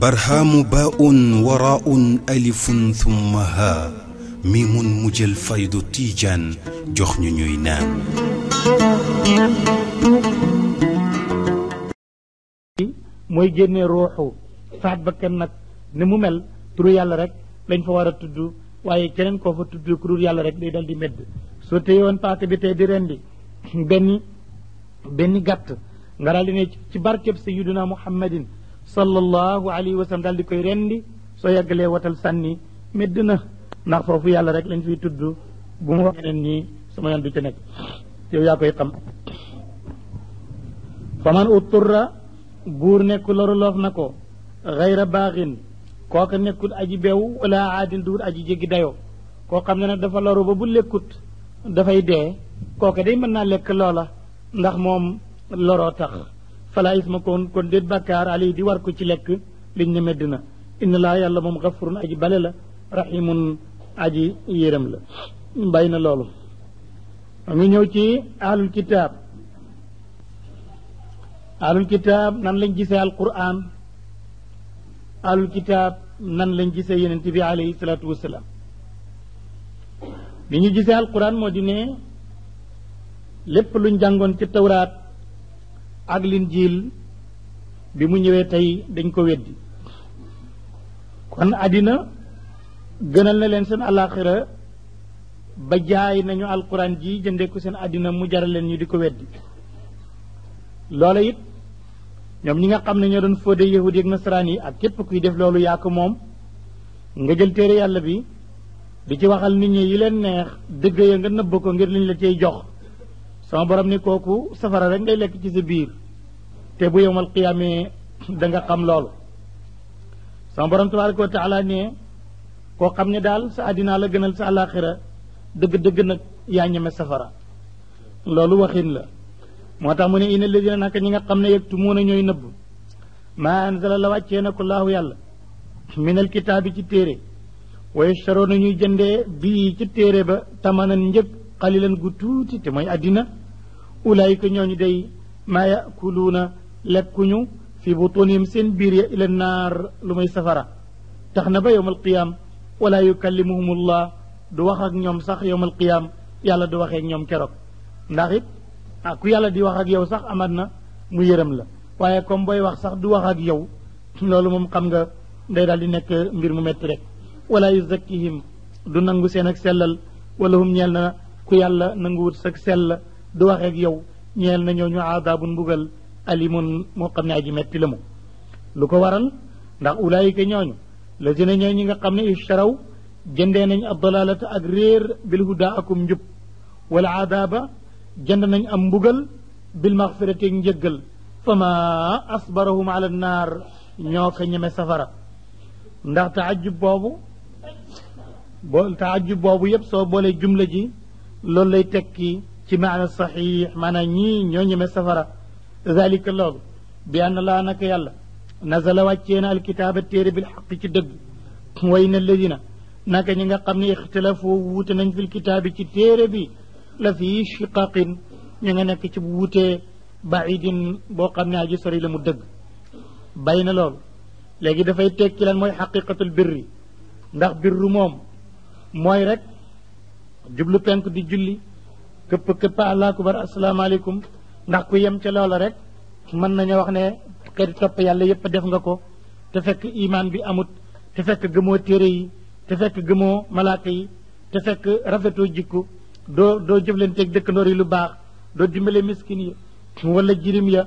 barhaamu baa un waraa un alifun thumma haa mi mun mujjal faydu tiijaan jox ñu ñuy naan. mooy génne ruuxu faat bakkan nag ni mu mel turu yàlla rek lañ fa war a tudd waaye keneen koo fa tudd ku yàlla rek day dal medd soo téye woon paaka bi tey di rendi benn benn gàtt nga daal di ne ci barkeb sayiduna muhammadin sallallahu alayhi wa sallam koy rendi soo yàggalee watal sànni medd na ndax foofu yàlla rek lañ fiy tudd bu mu wax ñeneen nii sama yoon du ci nekk yow yaa koy xam faman utturra buur nekku loru loof na ko xayra baaxin kooka nekkul aji beew wala aadin duur aji jéggi dayoo koo xam ne nag dafa loru ba bu lekkut dafay dee kooke day mën naa lekk loola ndax moom loroo tax falaa isma kon kon déet bàkkaar ali di war ko ci lekk liñ ne medd na inna laa yàlla moom xafurun aji bale la rahimun aji yërëm la bàyyi na loolu ngi ñëw ci ahlul kitaab ahlul kitaab nan lañ gisee alquran ahlul kitaab nan lañ gisee yonent bi alayhi salaatu wasalaam li ñu gisee alquran moo di ne lépp luñ jàngoon ci tawraat ak linjiil bi mu ñëwee tey dañ ko weddi kon àddina gënal na leen seen alaaxira ba jaay nañu alquran ji jëndee ko seen àddina mu jaral leen ñu di ko weddi loola it ñoom ñi nga xam ne ñoo doon fóode yahudi ak nasaraan yi ak képp kuy def loolu yaa ko moom nga jël téere yàlla bi di ci waxal nit ñi yi leen neex dëgg ya nga nëbb ko ngir liñ la cay jox sama borom ni kooku safara rek ngay lekk ci sa biir te bu yowmal qiyaamee da nga xam loolu sama borom tabaraka wa ne koo xam ne daal sa àddinaa la gënal sa àllaaxira dëgg-dëgg nag yaa ñeme safara loolu waxin la moo tax mu ne ina na naka ñi nga xam ne yëg tumuuna ñooy nëbb maa anzala la wàccee na ko laahu yàlla minal kitaabi ci téere waaye charoona ñuy jëndee bii ci téere ba tamanan njëg qalilan gu tuuti te mooy àddina ulaayika ñooñu day maa yakuluuna lekkuñu fi butunihim seen biir ya ila naar lu may safara tax na ba yowm alqiyaam wala yukallimuhum allah du wax ak ñoom sax yowm alqiyaam yàlla du waxee ak ñoom keroog ndax it ku yàlla di wax ak yow sax amat na mu yërëm la waaye comme booy wax sax du wax ak yow loolu moom xam nga day daal di nekk mbir mu metti rek wala yuzakkihim du nangu seen ak sellal wala hum ñeel na ku yàlla nanguwut sag sell du waxeek yow ñeel na ñoo ñu aadaabun mbugal alimun moo xam ne aji metti la mu lu ko waral ndax ulaayika ñooñu la dina ñoo ñi nga xam ne ishtaraw jëndee nañ ab dalalata ak réer bil huda akum njub wala aadaaba jënd nañ am mbugal bil maxfirati njëggal fama asbarahum ala naar ñoo ko ñeme safara ndax taajub boobu bo taajub boobu yëpp soo boolee jumla ji لول لي تكي تي معنى صحيح معنى ني ньо ني مسافرا ذلك لول بان الله نك يالا نزل واتينا الكتاب التير بالحق تي دغ وين الذين نك نيغا خامني اختلافو ووت نان في الكتاب تي تير بي لا شقاق نيغا نك تي ووتي بعيد بو خامني اجي سري لمو دغ بين لول لغي دا فاي تكي لان موي حقيقه البر ndax birru moom mooy rek jublu penk di julli këpp këpp allah akbar asalaamaaleykum ndax ku yem ca loola rek mën nañoo wax ne xeeti topp yàlla yëpp def nga ko te fekk imaan bi amut te fekk gëmoo téere yi te fekk gëmoo malaaka yi te fekk rafetoo jikku doo doo jëflanteeg dëkkandoor yi lu baax doo dimbale miskin yi wala jirim ya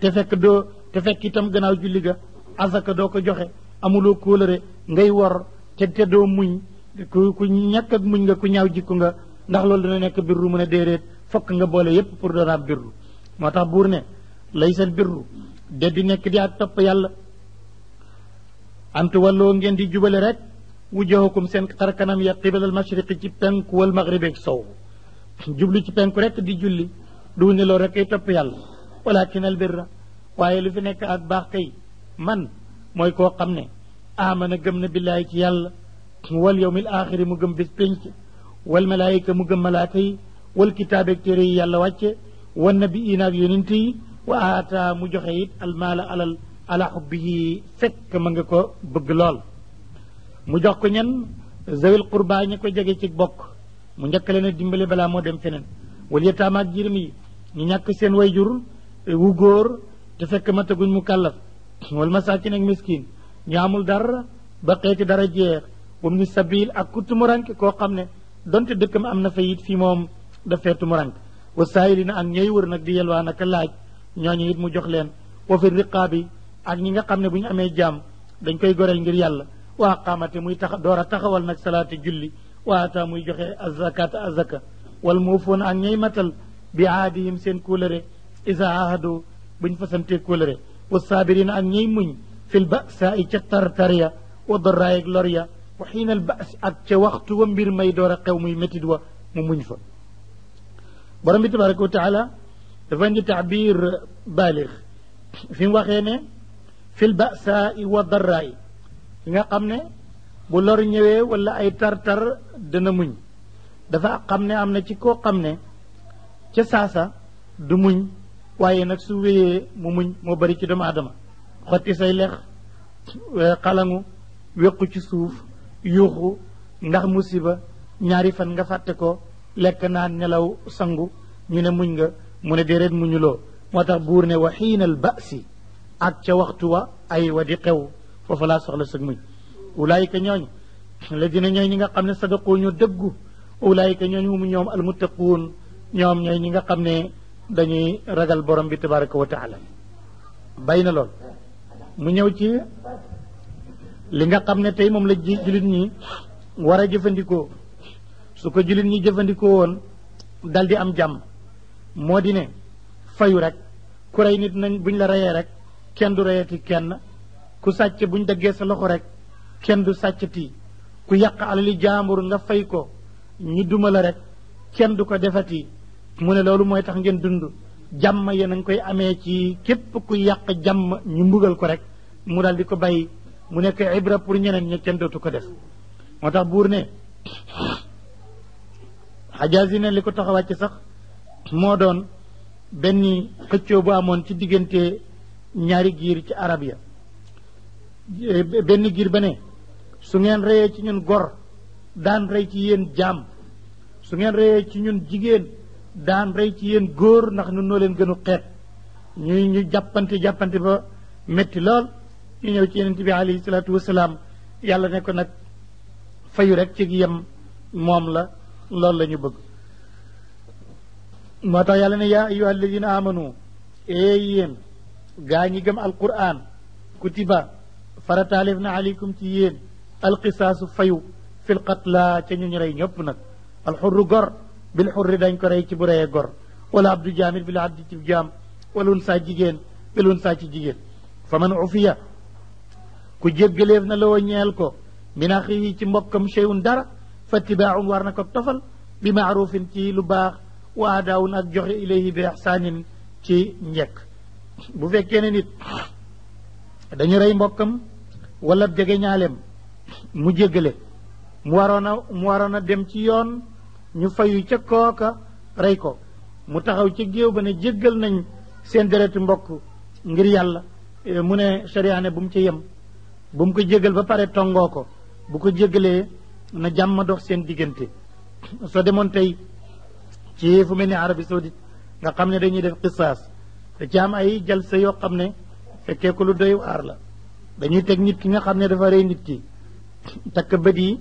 te fekk doo te fekk itam gannaaw julli ga asaka doo ko joxe amuloo kóolëre ngay wor te te doo muñ ku ku ñàkk ak muñ nga ku ñaaw jikku nga ndax loolu dina nekk birru mën a déedéet fokk nga boole yépp pour doon ab birru moo tax buur ne laysal birru de di nekk di ak topp yàlla antu walloo ngeen di jubale rek wujjahukum seen xarkanam ya qibalal mashriqi ci penku wal maghribi sow jublu ci penku rek di julli du ne loolu rek ay topp yàlla walakin al birra waaye lu fi nekk ak baax kay man mooy koo xam ne amana gëm na billaahi ci yàlla wal yawmil aaxiri mu gëm bés pénc wal malaayika mu gëm malaaka yi wal kitaab ak yi yàlla wàcce wan nabiyiina ak yonent yi wa mu joxe it almaala alal ala xubbihi fekk ma nga ko bëgg lool mu jox ko ñen zawil qurba ña ko jege ci bokk mu njëkk leen a dimbale balaa moo dem feneen wal yataama jirim yi ñu ñàkk seen wayjur wu góor te fekk mataguñ mu kàllaf wal masaakin ak miskin ñu dara ba xeeti dara jeex wabnu sabil ak ku tumurank koo xam ne donte dëkkam am na fa it fii moom dafee wa saayilina ak ñooy wër nag di yelwaa naka laaj ñooñu it mu jox leen wa fi riqaabi ak ñi nga xam ne bu ñu amee jaam dañ koy goreel ngir yàlla wa qaamate muy tax door a taxawal nag salaati julli waata muy joxe azakata azaka wal muufoon ak ñay matal bi aadihim seen kóolëre isa ahadu buñ fasantee kóolëre wa saabirina ak ñay muñ fil basa i ca tartariya wa doraayeg lor ya وحين البأس أتى وقت ومبير ما يدور قوم يمتد ومؤمن تبارك وتعالى فان تعبير بالغ في وقتين في البأساء والضراء فين قمنا بولور نيوي ولا اي ترتر دنا مون دفا قمنا امنا تي قمنا تي ساسا دو مون وي مو مون مو ادم خوتي ساي لخ ويقو تي yuuxu ndax musiba ñaari fan nga fàtte ko lekk naan nelaw sangu ñu ne muñ nga mu ne déedéet muñuloo moo tax buur ne wa xiinal basi ak ca waxtu wa ay wa di xew foofu laa soxla sëg muñ ulaayika ñooñ la dina ñooy ñi nga xam ne sadaqoo ñu dëggu ulaayika ñooñ mu ñoom almuttaquun ñoom ñooy ñi nga xam ne dañuy ragal borom bi tabaraka wa taala bay na lool mu ñëw ci li nga xam ne tey moom la jullit ñi war a jëfandikoo su ko jullit ñi jëfandikoo woon dal di am jàmm moo di ne fayu rek ku rey nit nañ buñ la reyee rek kenn du reyati kenn ku sàcc buñ daggee sa loxo rek kenn du sàccati ku yàq alali jaambur nga fay ko ñi duma la rek kenn du ko defati mu ne loolu mooy tax ngeen dund jàmm yéen a koy amee ci képp ku yàq jàmm ñu mbugal ko rek mu dal di ko bàyyi mu nekk ibra pour ñeneen ña kenn dootu ko def moo tax buur ne xajaas yi ne li ko taxawaat ci sax moo doon benn xëccoo bu amoon ci diggante ñaari giir ci arab ya benn giir ba ne su ngeen reyee ci ñun gor daan rey ci yéen jàmm su ngeen reyee ci ñun jigéen daan rey ci yéen góor ndax ñun noo leen gënu xeet ñuy ñu jàppante jàppante ba metti lool ñu ñëw ci yonente bi alayhi salaatu wasalaam yàlla ne ko nag fayu rek ci yem moom la loolu la ñu bëgg moo tax yàlla ne ya ayuha alladina amanu ee yéen gaa ñi gëm alquran kutiba farataalif na aleykum ci yéen alqisaasu fayu fil qatla ca ñu ñu rey ñëpp nag alxurru gor bil xurri dañ ko rey ci bu reyee gor wala abdu jaamil bil abdi ci jaam wala un saa jigéen bil un saa ci jigéen fa man ufiya ku jéggaleef na la woo ko min axihi ci mbokkam cheyun dara fa tibaaun war na ko tofal bi maarufin ci lu baax wa adaawun ak joxe ilayhi bi ixsaanin ci njekk bu fekkee ne nit dañu rey mbokkam walla jege ñaaleem mu jéggale mu waroon mu waroon a dem ci yoon ñu fayu ca kooka rey ko mu taxaw ci géew ba ne jéggal nañ seen deretu mbokk ngir yàlla mu ne sharia ne bu mu ci yem bu mu ko jégal ba pare tongoo ko bu ko jégalee na jàmm dox seen diggante soo demoon tey ci fu mel ni Arabie Saoudite nga xam ne dañuy def qisaas te ci am ay sa yoo xam ne fekkee ko lu doy waar la dañuy teg nit ki nga xam ne dafa rey nit ki takk bët yi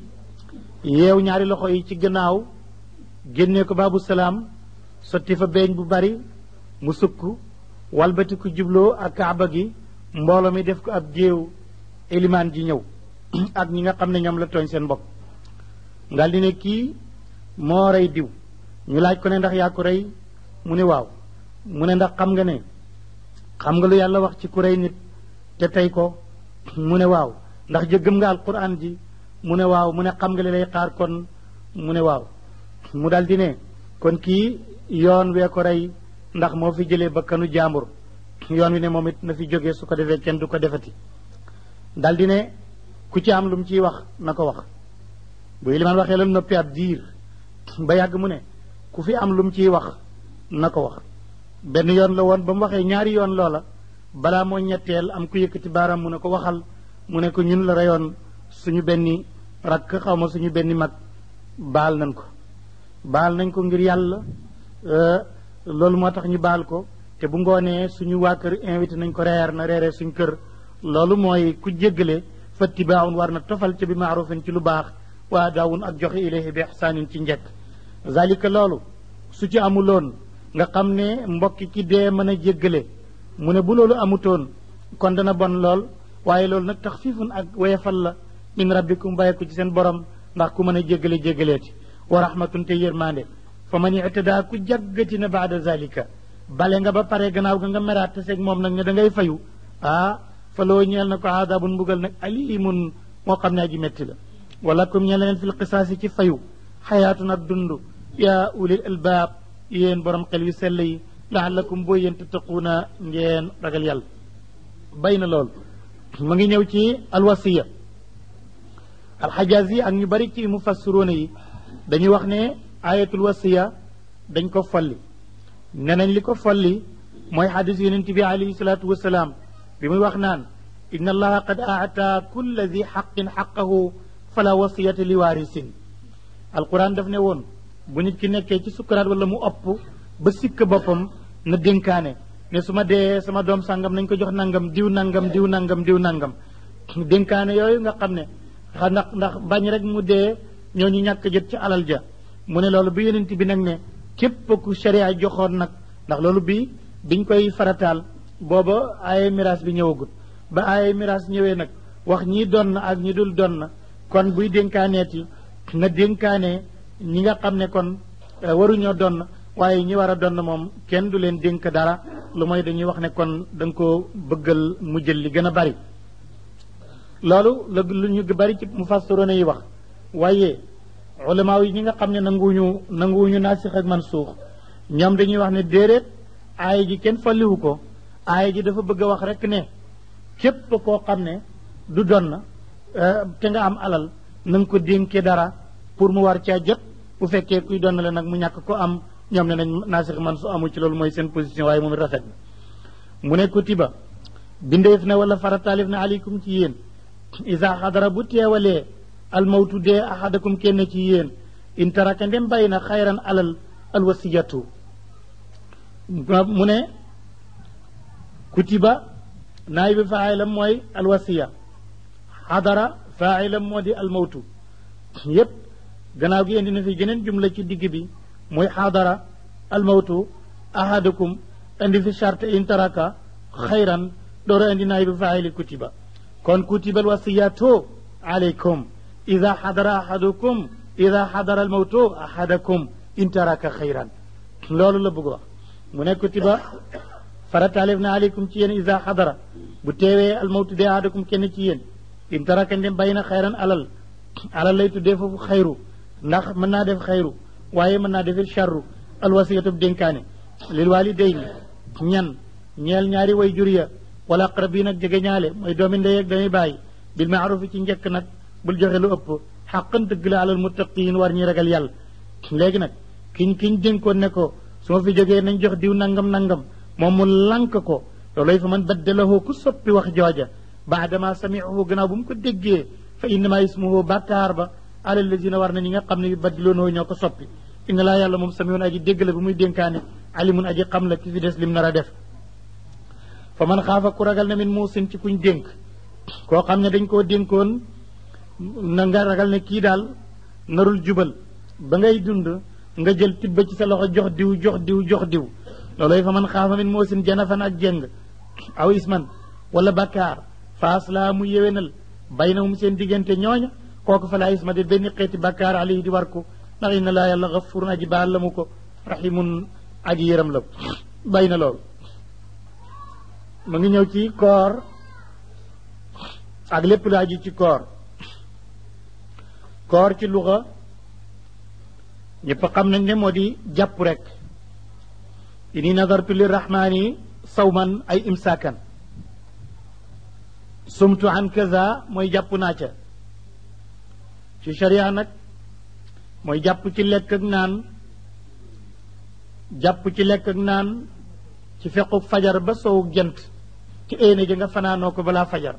yeew ñaari loxo yi ci gannaaw génnee ko baabu salaam sotti fa beeñ bu bari mu sukk walbati ku jubloo ak kaaba gi mbooloo mi def ko ab géew elimaan ji ñëw ak ñi nga xam ne ñoom la tooñ seen bopp daal di ne kii moo rey diw ñu laaj ko ne ndax yaa ko rey mu ne waaw mu ne ndax xam nga ne xam nga lu yàlla wax ci ku rey nit te tey ko mu ne waaw ndax jëggëm nga alquran ji mu ne waaw mu ne xam nga li lay xaar kon mu ne waaw mu daal di ne kon kii yoon wee ko rey ndax moo fi jëlee bakkanu jaambur yoon wi ne moom it na fi jóge su ko defee kenn du ko defati daldi ne ku ci am lu ciy wax na ko wax bu ilimaan waxee la noppi ab diir ba yàgg mu ne ku fi am lu mu ciy wax na ko wax benn yoon la woon ba mu waxee ñaari yoon loola balaa moo ñetteel am ku yëkkati baaraam mu ne ko waxal mu ne ko ñun la reyoon suñu benn rakk xaw ma suñu benn mag baal nañ ko baal nañ ko ngir yàlla euh, loolu moo tax ñu baal ko te bu ngoonee suñu waa kër invité nañ ko reer na reeree suñ kër loolu mooy ku jéggale fattibaaun war na tofal ci bi maarufin ci lu baax waa daawun ak joxe ilayhi bi ixsaanin ci njëkk zalika loolu su ci amuloon nga xam ne mbokki ki dee mën a jéggale mu ne bu loolu amutoon kon dana bon lool waaye loolu nag taxfiifun ak wayefal la min rabbikum bàyyeeku ci seen borom ndax ku mën a jéggale jéggaleeti wa rahmatun te yërmande fa man ictadaa ku jaggati na baada zalika bale nga ba pare gannaaw ga nga meraat moom nag ne da ngay fayu ah, fa loo ñeel na ko aadaabun mbugal nag alimun moo xam ne aji metti la wala kum ñeel na leen fil qisaasi ci fayu xayaatun ak dund yaa ulil albaab yéen borom xel yu sell yi laalakum boo yéen tattaquuna ngeen ragal yàlla bay na lool mu ngi ñëw ci alwasiya alxajaaz yi ak ñu bari ci mufassiroona yi dañuy wax ne ayatul wasiya dañ ko folli ne li ko folli mooy xadis yonent bi alayhi salaatu wasalaam bi muy wax naan inna allaha qad aata kulla di xaqin xaqahu fala wasiyata li waarisin alquran def ne woon bu nit ki nekkee ci sukkaraat wala mu ëpp ba sikk boppam na dénkaane ne suma dee sama doom sàngam nañ koy jox nangam diw nangam diw nangam diw nangam dénkaane yooyu nga xam ne xa ndax ndax bañ rek mu dee ñoo ñu ñàkk jot ca alal ja mu ne loolu bi yonent bi nag ne képp ku sharia joxoon nag ndax loolu bii biñ koy farataal booba aaye miraas bi ñëwagut ba aaye miraas ñëwee nag wax ñi doon na ak ñi dul doon na kon buy dénkaaneet nga na dénkaane ñi nga xam ne kon eh, waruñoo doon waaye ñi war a doon moom kenn du leen dénk dara lu mooy dañuy wax ne kon da nga koo bëggal mu jël li gën a bari loolu la lu ñu bari ci mu mufassiroon yi wax waaye ulamaaw yi ñi nga xam ne nanguwuñu nanguwuñu naasix ak mansuux ñam dañuy wax ne déedéet aaye ji kenn fàlliwu ko aaya ji dafa bëgg a wax rek ne képp koo xam ne du don na euh, te nga am alal na ko dénkee dara pour mu war caa jot bu fekkee kuy don leen nag mu ñàkk ko am ñoom ne nañ naasix man su amu ci loolu mooy seen position waaye moom it rafet na mu ne kutiba bindeef na wala farataalif na aleykum ci yéen isa xadara bu teewalee almawtu dee ahadakum kenn ci yéen in taraka ndem bàyyi na xayran alal alwasiyatu mu ne kutiba naayib bi faailam mooy alwasiya xadara faailam moo di almawtu yépp gannaaw gi indi na fi geneen jumla ci digg bi muy xadara almawtu ahadukum indi fi charte intaraka xayran doora indi naayib bi faaili kutiba kon kutiba alwasiyatu alaykum ida xadara ahadukum ida xadara almawtu ahadakum intaraka xayran loolu la bëgg wax mu ne kutiba farataaleef na aleykum ci yéen isa xadara bu teewee almawtu dee aadakum kenn ci yéen in taraka ndem bàyyi na xayran alal alal lay tuddee foofu xayru ndax mën naa def xayru waaye mën naa defit charru alwasiyatab dénkaane lil waalidayni ñan ñeel ñaari way jur ya wala aqrabiin ak jege ñaale mooy doomi ndey ak doomi bàyyi bil maaruf ci njëkk nag bul joxe lu ëpp xaqan dëgg la alal muttaqiin war ñuy ragal yàlla léegi nag kiñ kiñ dénkoon ne ko su ma fi jógee nañ jox diw nangam nangam moom mu lànk ko loolooy fa man baddalahu ku soppi wax jooja baadama samiahu gannaaw bu mu ko déggee fa ma ismuhu bàkkaar ba ala lazina war na ni nga xam ne yu baddiloonoo ñoo ko soppi inna laa yàlla moom samiun aji dégg la bu muy dénkaane alimun aji xam la ki fi des lim nar a def fa man xaafa ku ragal na min muusin ci kuñ dénk koo xam ne dañ koo dénkoon na nga ragal ne kii daal narul jubal ba ngay dund nga jël tibba ci sa loxo jox diw jox diw jox diw loolooy fa man xaafa min moosin janafan ak jëng aw isman wala bakkaar faas laa mu yéwénal baynahum seen diggante ñooña kooku fa laa isma de benn xeeti bakkaar alayhi di war ko ndax inna laa yàlla gafurun aji baal la mu ko rahimun aji yëram la bay na loolu mu ngi ñëw ci koor ak lépp lu aju ci koor koor ci luxa ñëpp xam nañ ne moo di jàpp rek ini nadartu lirrahmani sawman ay imsaakan sumtu an kaza mooy jàpp naa ca ci sharia nag mooy jàpp ci lekk ak naan jàpp ci lekk ak naan ci fequk fajar ba sowuk jant ci éene ji nga fanaanoo ko balaa fajar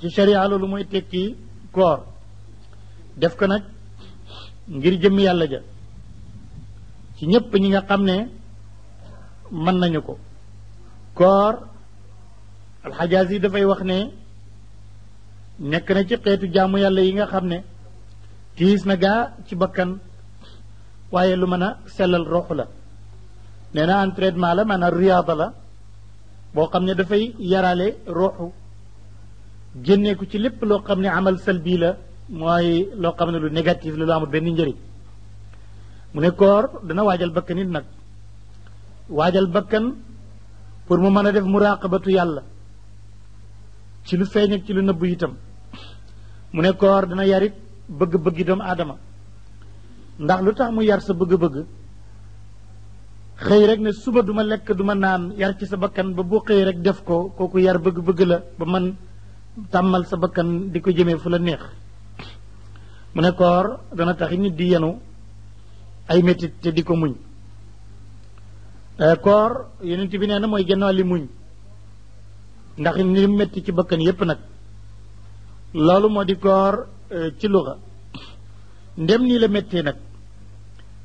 ci sharia loolu mooy tekki koor def ko nag ngir jëm yàlla ja ci ñépp ñi nga xam ne mën nañu ko koor alxajaas yi dafay wax ne nekk na ci xeetu jàmm yàlla yi nga xam ne tiis na gaa ci bakkan waaye lu mën a sellal roxu la nee na entraînement la maanaam riyaada la boo xam ne dafay yarale roxu génnee ko ci lépp loo xam ne amal bii la mooy loo xam ne lu négatif la lu amul benn njëriñ mu ne koor dana waajal bakkanit nag waajal bakkan pour mu mën a def mu muraqabatu yàlla ci lu feeñ ak ci lu nëbb itam mu ne koor dina yarit bëgg-bëggi doomu aadama ndax lu tax mu yar sa bëgg-bëgg xëy rek ne suba duma lekk duma naan yar ci sa bakkan ba boo xëy rek def ko kooku yar bëgg-bëgg la ba man tàmmal sa bakkan di ko jëmee fu la neex mu ne koor dana tax nit di yenu ay métit te di ko muñ Euh, koor yonent bi nee na mooy gannaaw li muñ ndax ni métti ci bakkan yépp nag loolu moo di koor euh, ci luxa ndem nii la méttee nag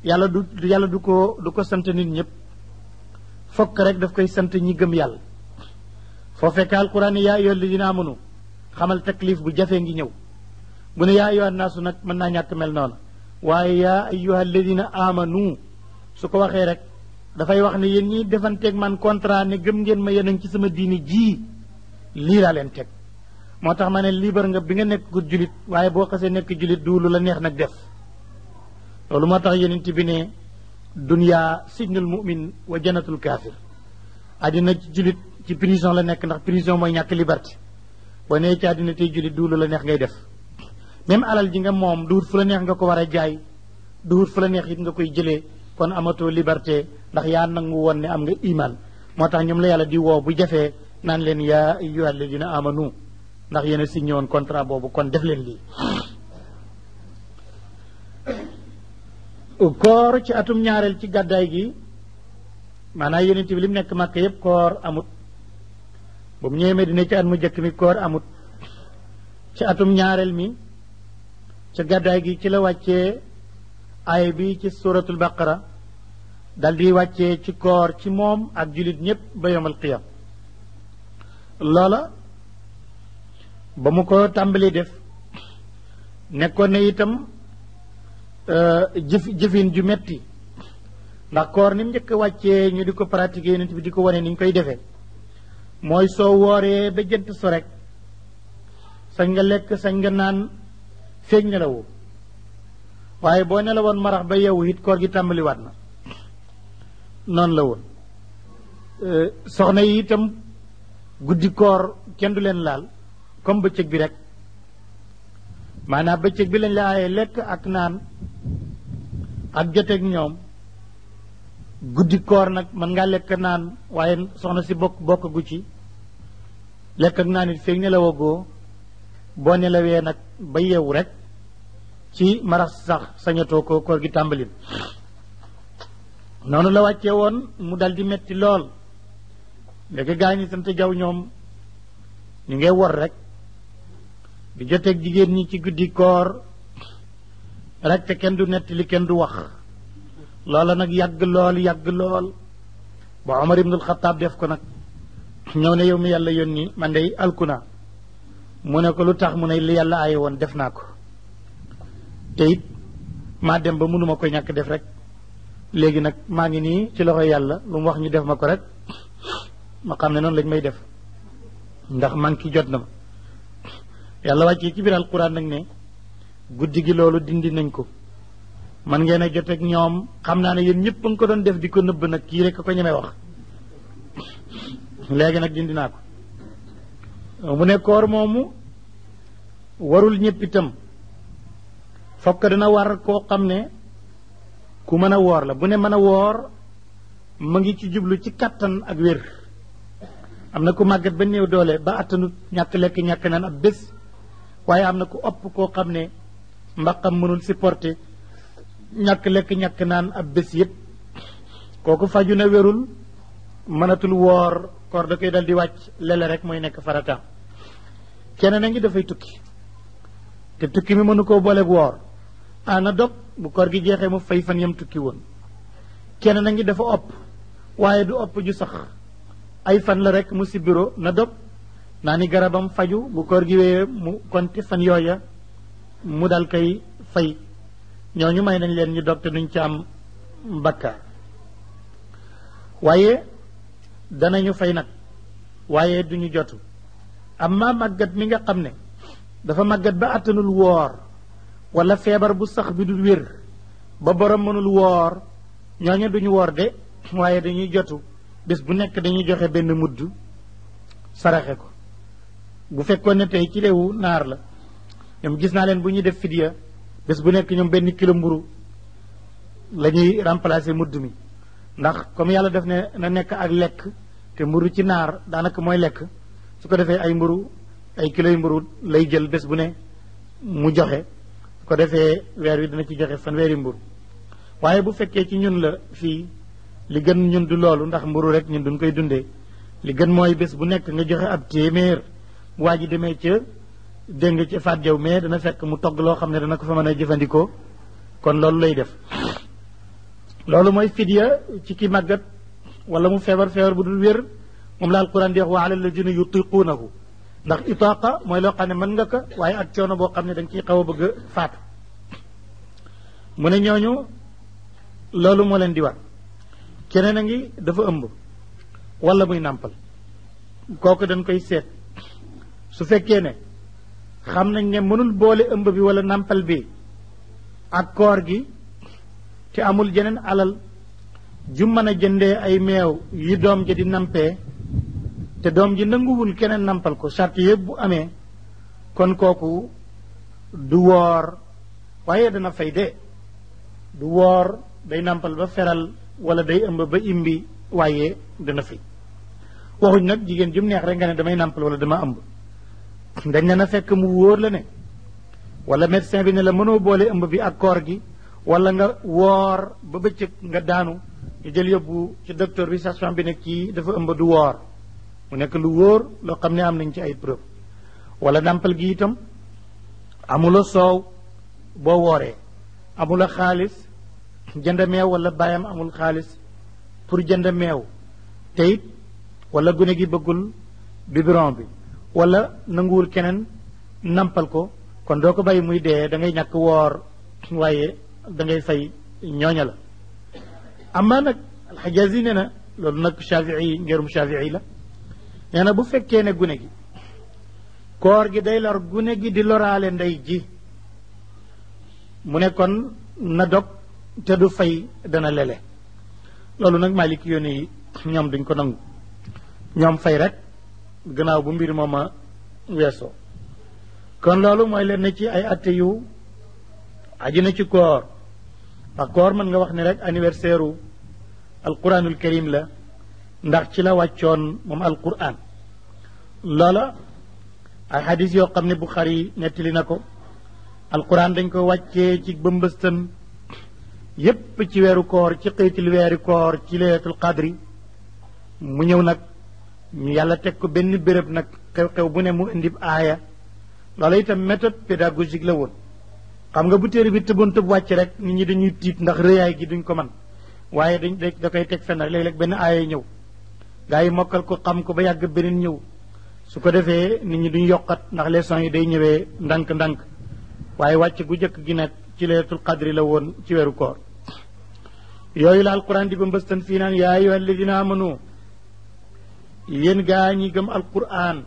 yàlla du yàlla du ko du ko sant nit ñëpp fokk rek daf koy sant ñi gëm yàlla foo fekk alquran yaa ayyuha alladina amanu xamal taklif bu jafee ngi ñëw bu ne yaa ayyuha naasu nag mën naa ñàkk mel noonu waaye yaa ayyuha alladina amanu su ko waxee rek fay wax ne yéen ñi ak man contrat ne gëm ngeen ma yéen ci sama diini ji lira la leen tek motax mané liber nga bi nga nek ko julit waye bo xasse nek julit du lu la neex nak def lolu motax tax yonent bi ne dunya sijnul mu'min wa jannatul kafir adina ci julit ci prison la nek ndax prison moy ñak liberté bo ne ci adina tay julit du lu la neex ngay def même alal ji nga mom duut fu la neex nga ko wara jaay duut fu la neex it nga koy jëlé kon amatoo liberté ndax yaa nangu woon ne am nga iman moo tax ñoom la yàlla di woo bu jafee naan leen yaa alladina amanu ndax yéen a signé woon contrat boobu kon def leen lii koor ci atum ñaareel ci gàddaay gi maanaam yonent bi lim nekk màkk yépp koor amut bu mu ñëwee Medina ci at mu jëkk mi koor amut ci atum ñaareel mi ci gàddaay gi ci la wàccee ay bi ci suratul baqara dal di wàccee ci koor ci moom ak jullit ñépp ba yomal qiyam loola ba mu ko tàmbali def nekkoon na itam euh, jëf jëfin ju metti ndax koor ni mu njëkk wàccee ñu di ko pratiquer yonent bi di ko waree ni koy defee mooy soo wooree ba jënt so rek sañ nga lekk sañ nga naan feeñ nelawoo waaye boo nelawoon marax ba yeewu it koor gi tàmbaliwaat na noonu la woon euh, soxna yi itam guddi koor kenn du leen laal comme bëccëg bi rek maanaam bëccëg bi lañ la aaye lekk ak naan ak joteeg ñoom guddi koor nag mën nga lekk naan waaye soxna si bokk bokk gu ci lekk ak naan it feeg nelawagoo boo nelawee nag ba yeewu rek ci maras sax toko ko gi tambalin nonu la wacce won mu daldi di metti lol ndeke gañi tante jaw ñom ni ngay wor rek di jotté jigéen ni ci guddi koor rek te kenn du li kenn du wax loola nag yag lol yag lol ba ibn al-khattab def ko nak ñew ne yow mi yalla yonni man day alkuna mu ne ko lu tax mu ne li yalla def nako te it maa dem ba mënuma ko ñàkk def rek léegi nag maa ngi nii ci loxo yàlla lu mu wax ñu def ma ko rek ma xam ne noonu lañ may def ndax man ki jot na ma yàlla wàccee ci biir alquran nag ne guddi gi loolu dindi nañ ko man ngeen a jot ak ñoom xam naa ne yéen ñëpp a nga ko doon def di ko nëbb nag kii rek a ko ñemee wax léegi nag dindi naa ko mu ne koor moomu warul ñépp itam fokk dina war koo xam ne ku mën a woor la bu ne mën a woor ngi ci jublu ci ak wér am na ku màggat ba néew doole ba attanut ñàkk lekk ñàkk naan ab bés waaye am na ku ëpp koo xam ne mbaqam mënul supporter ñàkk lekk ñàkk naan ab bés yépp kooku faju na wérul mënatul woor koor da koy dal di lele rek mooy nekk farata keneen a ngi dafay tukki te tukki mi mënu koo booleeg woor ana dop bu koor gi jeexee mu fay fan yam tukki won kenn na ngi dafa op waye du op ju sax ay fan la rek mu si bureau na dop nani garabam faju bu koor gi wéé mu konti fan yoya mu dal kay fay ñoñu may nañ leen ñu dop te duñ ci am bakkaar waaye danañu fay nak waye duñu jotu amma magat mi nga xamne dafa magat ba atanul wor wala febar bu sax bi du wér ba borom mënul wor ñooñu duñu wor de waye dañuy jotu bis bu nek dañuy joxe ben mudd saraxé ko bu fekkone tay ci lewu nar la ñom gis na len bu def fidiya bés bu nek ñom ben kilo mburu la remplacer mudd mi ndax comme yalla def ne na nek ak lek te mburu ci naar daanaka moy lek su ko defé ay mburu ay kilo mburu lay jël bes bu ne mu joxe ko defee weer wi dana ci joxe fan fanweeri mburu waaye bu fekkee ci ñun la fii li gën ñun du loolu ndax mburu rek ñun duñ koy dundee li gën mooy bés bu nekk nga joxe ab téeméer waa ji demee ca dégg ca faat jaw mais dana fekk mu togg loo xam ne dana ko fa mën a jëfandikoo kon loolu lay def loolu mooy fidya ci ki màggat wala mu feebar feebar bu dul wér moom la alquran di wax wa ala alladina yutiquunahu ndax itaaqa mooy loo xam ne mën nga ko waaye ak coono boo xam ne dañ ci xaw a bëgg faatu mu ne ñooñu loolu moo leen di war keneen a ngi dafa ëmb wala muy nàmpal kooku dañ koy seet su fekkee ne xam nañ ne mënul boole ëmb bi wala nàmpal bi ak koor gi te amul jeneen alal ju mën a jëndee ay meew yi doom ja di nampee te dom ji nanguwul keneen nampal ko charte yëpp bu amee kon kooku du woor waaye dana fay de du woor day nampal ba feral wala day ëmb ba imbi waaye dana fay waxuñ nag jigéen jum neex rek nga ne damay nampal wala dama ëmb dañ na na fekk mu wóor la ne wala médecin bi ne la mënoo boole ëmb bi ak koor gi wala nga woor ba bëccëg nga daanu ñu jël yóbbu ci docteur bi bi ne kii dafa ëmb du woor mu nekk lu wóor loo xam ne am nañ ci ay preuve wala dàmpal gi itam amula soow boo wooree amula xaalis jënd meew wala baayam amul xaalis pour jënd meew te it wala gune gi bëggul biberon bi wala nanguwul keneen nàmpal ko kon doo ko bàyyi muy dee dangay ngay ñàkk woor waaye da fay ñooña la am amaa nag alxajaasi nee na loolu nag shafii ngeerum shafii la nee na bu fekkee ne gune gi koor gi day lor gune gi di loraale ndey ji mu ne kon na dog te du fay dana lele loolu nag Malik yoone yi ñoom duñ ko nangu ñoom fay rek gannaaw bu mbir moom a weesoo kon loolu mooy leen na ci ay atte yu na ci koor ndax koor mën nga wax ni rek anniversaire u alquranul karim la ndax ci la wàccoon moom alquran loola ay xadis yoo xam ne bu Buxari nettali na ko alquran dañ ko wàccee ci bëmbëstan yépp ci weeru koor ci xëytil weeri koor ci leetul qadri mu ñëw nag ñu yàlla teg ko benn béréb nag xew-xew bu ne mu indi aaya loola itam méthode pédagogique la woon xam nga bu téere bi tëboon tëb wàcc rek nit ñi dañuy tiit ndax rëyaay gi duñ ko man waaye dañ da koy teg fenn léeg-léeg benn aaya ñëw gaa mokkal ko xam ko ba yàgg beneen ñëw su ko defee nit ñi duñ yokkat ndax leçon yi day ñëwee ndànk-ndànk waaye wàcc gu jëkk gi nag ci leetul qadri la woon ci weeru koor yooyu la alquran di ba mbëstan fii naan yaa ayuha alladina amanu yéen gaa ñi gëm alquran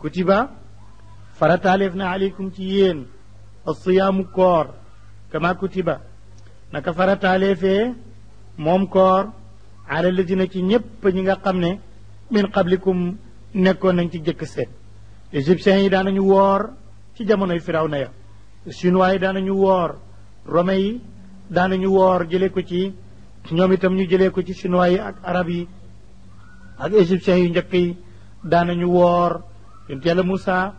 kutiba farataaleef na aleykum ci yéen asiyaamu koor kama kutiba naka farataaleefee moom koor ala ladina ci ñépp ñi nga xam ne min qablikum nekkoon nañ ci jëkk seet égyptiens yi daanañu woor ci jamonoy firawna ya chinois yi daanañu woor romains yi daanañu woor jëlee ko ci ñoom itam ñu jëlee ko ci chinois yi ak arab yi ak égyptiens yu njëkk yi daanañu woor yonent yàlla Moussa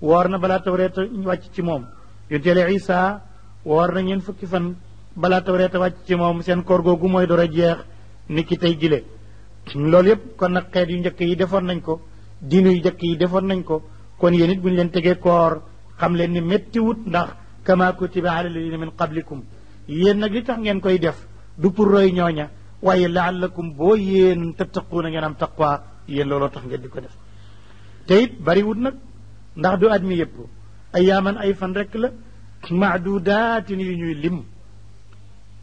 woor na balaa tawreet wàcc ci moom yonent yàlla Isa woor na ñeen fukki fan balaa tawreet wàcc ci moom seen koor googu mooy door a jeex ki tey jile loolu yëpp kon nag xeet yu njëkk yi defoon nañ ko diinu yu jëkk yi defoon nañ ko kon yéen bu ñu leen tegee koor xam leen ni métti wut ndax kama kutiba ala alladina min qablikum yéen nag li tax ngeen koy def du pour roy ñooña waaye laal laallakum boo yéen tattaquuna ngeen am taqwa yéen looloo tax ngeen di ko def te it bariwut nag ndax du at mi yëpp ayaaman ay fan rek la maadudaatin yu ñuy lim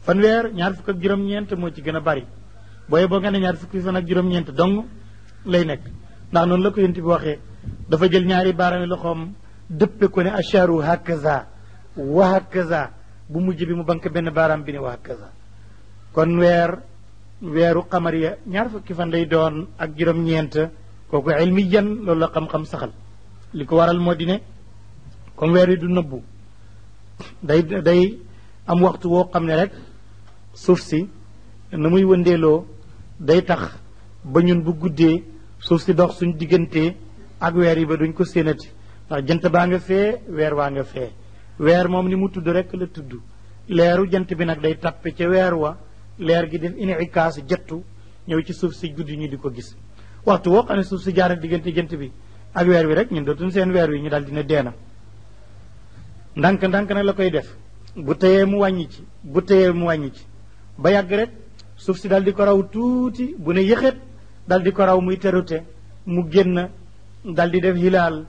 fanweer ñaar fukk ak juróom-ñeent moo ci gën a bari booye boo nga ne ñaar fukki fan ak juróom-ñeent dong lay nekk ndax noonu la ko yonent bi waxee dafa jël ñaari baaraami loxoom dëppe ko ne asharu hakaza wa hakaza bu mujj bi mu bank benn baaraam bi ne wa kon weer weeru xamariya ñaar fukki fan lay doon ak juróom-ñeent kooku jan loolu la xam-xam saxal li ko waral moo di ne weer yi du nëbbu day day am waxtu woo xam ne rek suuf si na muy wëndeeloo day tax ba ñun bu guddee suuf si dox suñ diggante ak weer yi ba duñ ko séenati ndax jant baa nga fee weer waa nga fee weer moom ni mu tudd rek la tudd leeru jant bi nag day tàppe ca weer wa leer gi def inikaas jettu ñëw ci suuf si guddi ñu di ko gis waxtu woo xam ne suuf si jaar na diggante jant bi ak weer wi rek ñun dootuñ seen weer wi ñu daal dina deena ndànk ndànk nag la koy def bu teyee mu wàññi ci bu teyee mu wàññi ci ba yàgg rek suuf si daal di ko raw tuuti bu dal di ko raw muy terute mu génn dal di def hilaal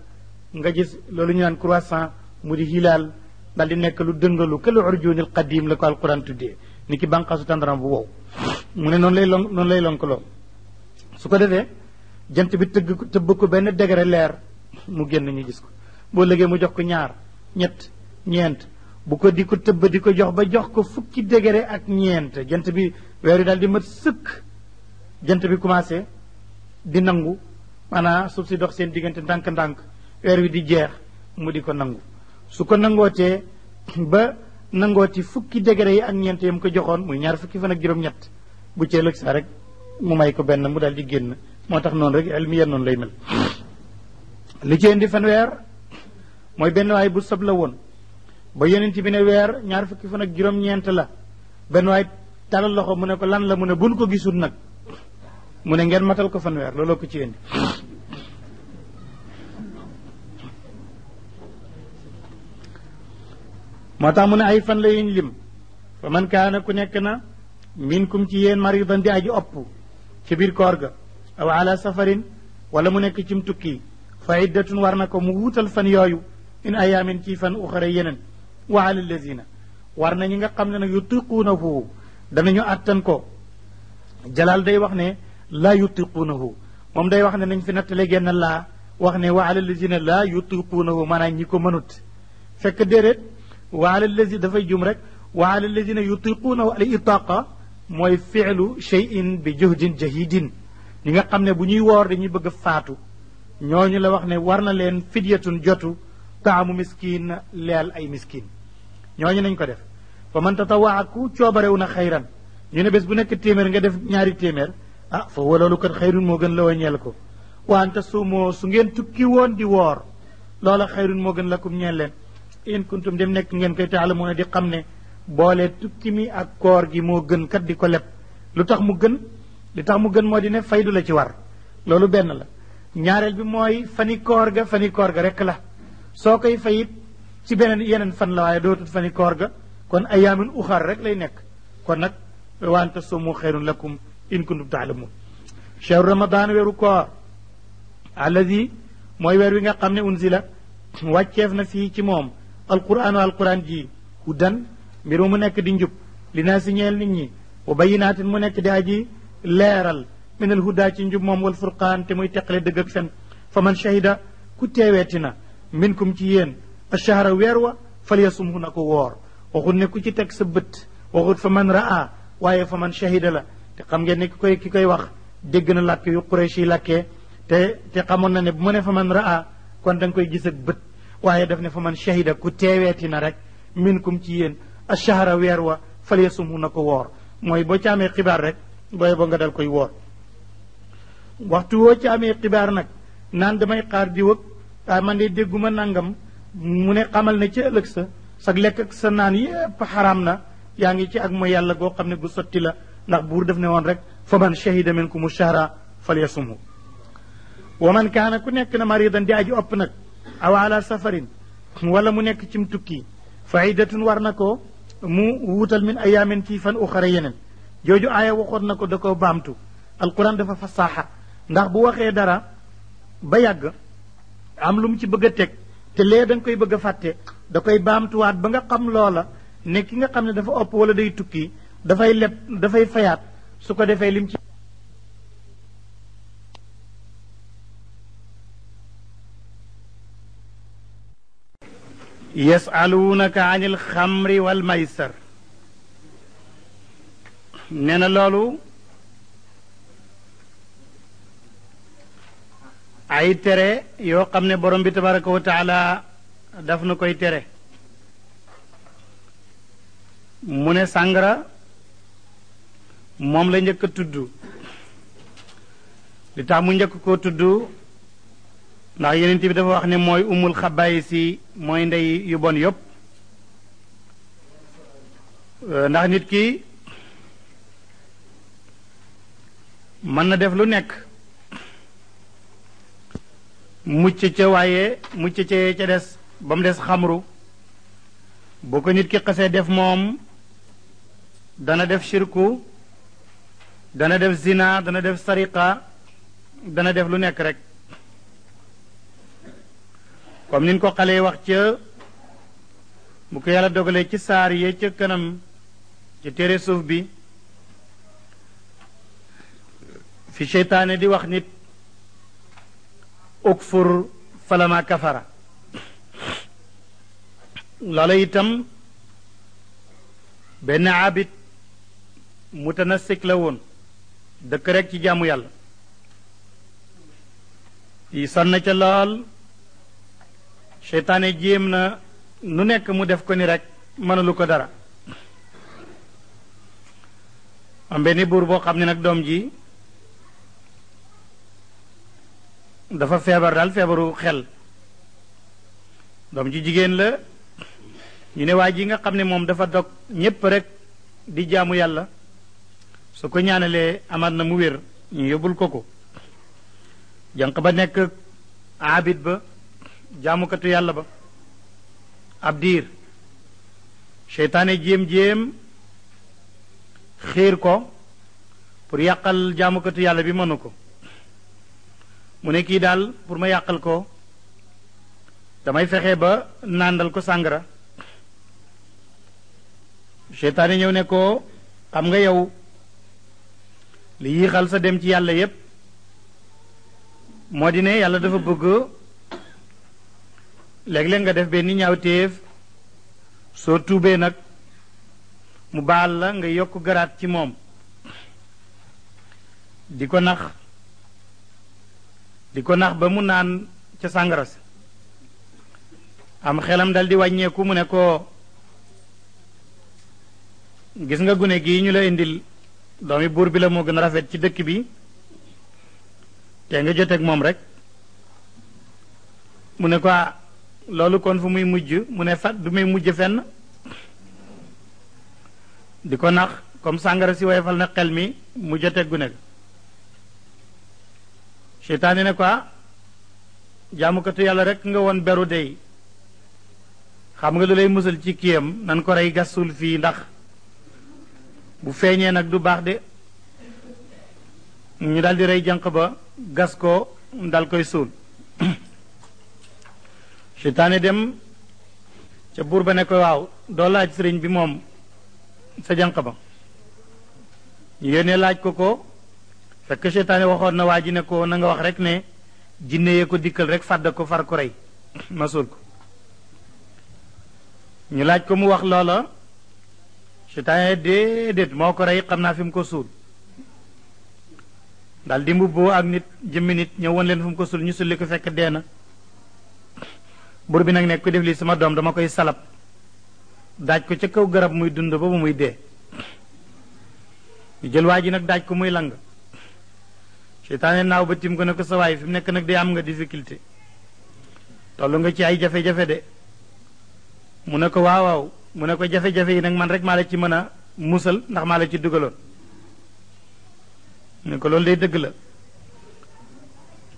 nga gis loolu ñu naan croissant mu di hilaal dal di nekk lu dëngalu këlu urjuunil qadim la ko alquran tuddee ni ki bànqaasu tàndaram bu wow mu ne noon lay lon noonu lay lonkaloo su ko defee jant bi tëgg tëbb ko benn degré leer mu génn ñu gis ko boo légee mu jox ko ñaar ñett ñeent bu ko di ko tëbb di ko jox ba jox ko fukki degré ak ñeent jant bi weer yi daal di mat sëkk jant bi commencé di nangu mana suuf si dox seen diggante ndank ndank weer wi di jeex mu di ko nangu su ko nangootee ba nangoti fukki degré yi ak ñeent yam ko joxoon muy ñaar fukki fan ak juróom-ñett bu ci lëg sa rek mu may ko benn mu dal di génn moo tax noonu rek noonu lay mel li ci indi fan weer mooy benn waay bu la woon ba yonent bi ne weer ñaar fukki fan ak juróom la benn waay talal loxo mu ne ko lan la mu ne buñ ko gisul nag mu ne ngeen matal ko fanweer looloo ko ci indi moo tax mu ne ay fan la yuñ lim fa man kaana ku nekk na minkum ci yéen maridan di aji opp ci biir koor ga aw ala safarin wala mu nekk cim tukki fa iddatun war na ko mu wuutal fan yooyu in ayaamin ci fan uxara yeneen wa ala lazina war na ñi nga xam ne nag yu tuquunahu danañu attan ko jalal day wax ne laa yutiquunahu moom day wax ne nañ fi nattale genn laa wax ne wa ala lazina laa yutiquunahu maanaam ñi ko mënut fekk déedéet wa ala lazi dafay jum rek wa ala lazina yutiquunahu al itaaqa mooy fiilu cheyin bi juhdin jahidin ñi nga xam ne bu ñuy woor dañuy bëgg faatu ñooñu la wax ne war na leen fidyatun jotu taamu miskin leel ay miskin ñooñu nañ ko def fa man tatawaa ku coobarewu na xayran ñu ne bés bu nekk téeméer nga def ñaari téeméer ah fa walalu kan xayrun moo gën la wa ñeel ko wante su moo su ngeen tukki di gën lakum ñeel in kuntum dem nekk ngeen koy taala mu di xam boole tukki mi ak koor gi moo gën kat di ko leb lu mu gën li tax mu gën moo ne faydu la ci war loolu benn la ñaareel bi mooy fani koor ga fani koor ga rek la soo koy fayit ci beneen yeneen fan la waaye fani koor ga kon ayamin uxaar rek lay nekk kon nag wante sumu lakum in kuntum taalamun chehru ramadan weeru koor allazi mooy weer wi nga xam ne unzila wàcceef na fii ci moom alquraan alquraan ji hudan mbir mu nekk di njub li naa si ñeel nit ñi wa bayinaatin mu nekk di aji leeral min al huda ci njub moom wal furqaan te muy teqale dëgg ak fen fa man shahida ku teeweeti na minkum ci yéen achahara weer wa falyasumhu na ko woor waxut ne ku ci teg sa bët waxut fa man raa waaye fa man shahida la te xam ngeen ne ki koy ki koy wax dégg na làkk yu Quraysh yi làkkee te xamoon na ne bu mu ne fa man raa kon da koy gis ak bët waaye def ne fa man shahida ku teeweeti na rek minkum ci yéen ashahara weer wa fale sumu na ko woor mooy boo ci amee xibaar rek booye ba nga dal koy woor waxtu woo ci amee xibaar nag naan damay xaar di wëg waaye ah, man dégguma nangam mu ne xamal ne ci ëllëg sa sag lekk ak sa naan yépp xaraam na yaa ngi ci ak mooy yàlla goo xam ne gu sotti la ndax buur def ne woon rek fa man shahida minkum shahra falyasumhu wa man kaana ku nekk na maridan di aji opp nag aw safarin wala mu nekk cim tukki fa iddatun war na ko mu wuutal min ayaamin ci fan uxara yeneen jooju aaya waxoon na ko da koo baamtu alquran dafa fasaaxa ndax bu waxee dara ba yàgg am lu mu ci bëgg a teg te lee da koy bëgg a fàtte da koy baamtuwaat ba nga xam loola ne ki nga xam ne dafa ëpp wala day tukki dafay leb dafay fayaat su ko defee lim ci yasaluunaka an il xamri wal maysar nee na loolu ay tere yoo xam ne borom bi tabaraka wa taala daf na koy tere mu ne sàngara moom la njëkk tudd li tax mu njëkk koo tudd ndax yenent bi dafa wax ne mooy umul xabaay si mooy ndey yu bon yëpp euh, ndax nit ki mën na def lu nekk mucc ca waaye mucc ca ca des ba mu des xamru bu ko nit ki xasee def moom dana def shirku dana def zina dana def sariqa dana def lu nekk rek comme nin ko xale wax ca bu ko yàlla dogalee ci saar yee ca kanam ci téere suuf bi fi seytaane di wax nit ukfur falama kafara loola itam benn abit mutanasik la woon dëkk rek ci jaamu yàlla tiisoon na ca lool seytaane jéem na nu nekk mu def ko ni rek mënalu ko dara am buur boo xam ne nag doom ji dafa feebar daal feebaru xel doom ju jigéen la ñu ne waay ji nga xam ne moom dafa dog ñépp rek di jaamu yàlla su ko ñaanalee amat na mu wér ñu yóbbul ko ko janq ba nekk abid ba jaamukatu yàlla ba ab diir seytaane jéem-jéem xiir ko pour yàqal jaamukatu yàlla bi mënu ko mu ne kii daal pour ma yàqal ko damay fexe ba nàndal ko sàngara seytaane ñëw ne ko xam nga yow li yéexal sa dem ci yàlla yépp moo di ne yàlla dafa bëgg léeg-léeg nga def benn ñaawteef soo tuubee nag mu baal la nga yokk garaat ci moom di ko nax di ko nax ba mu naan ca sàngara am xelam dal di wàññeeku mu ne ko gis nga gune gii ñu la indil doomi buur bi la moo gën a rafet ci dëkk bi te nga joteeg moom rek mu ne ko ah, loolu kon fu muy mujj mu ne fat du muy mujj fenn di ko nax comme sàngara si way na xel mi mu joteeg gu nekk seytaani ne ko ah, jaamukatu yàlla rek nga woon beru dey xam nga lu lay musal ci kiyam nan ko rey gasul fii ndax bu feeñee nag du baax de ñu daldi rey jànq ba gas ko dal koy suul seytaane dem ca buur ba ne ko waaw doo laaj sëriñ bi moom sa janq ba ñu yónnee laaj ko ko fekk seytaane waxoon na waa ji ne ko na nga wax rek ne jinne yee ko dikkal rek fàdd ko far ko rey ma suul ko ñu laaj ko mu wax loola seytaane déedéet moo ko rey xam naa fi mu ko suul daal di mbubboo ak nit jëmmi nit ñëw leen fu ko suul ñu sulli ko fekk dee na buur bi nag nekk ku def lii sama doom dama koy salab daaj ko ca kaw garab muy dund ba bu muy dee ñu jël waa ji nag daaj ko muy lang seytaane naaw ba tim ko ne sa waay fi mu nekk nag day am nga difficulté toll nga ci ay jafe-jafe de mu ne ko mu ne ko jafe-jafe yi nag man rek maa la ci mën a musal ndax maa la ci dugaloon mu ne ko loolu day dëgg la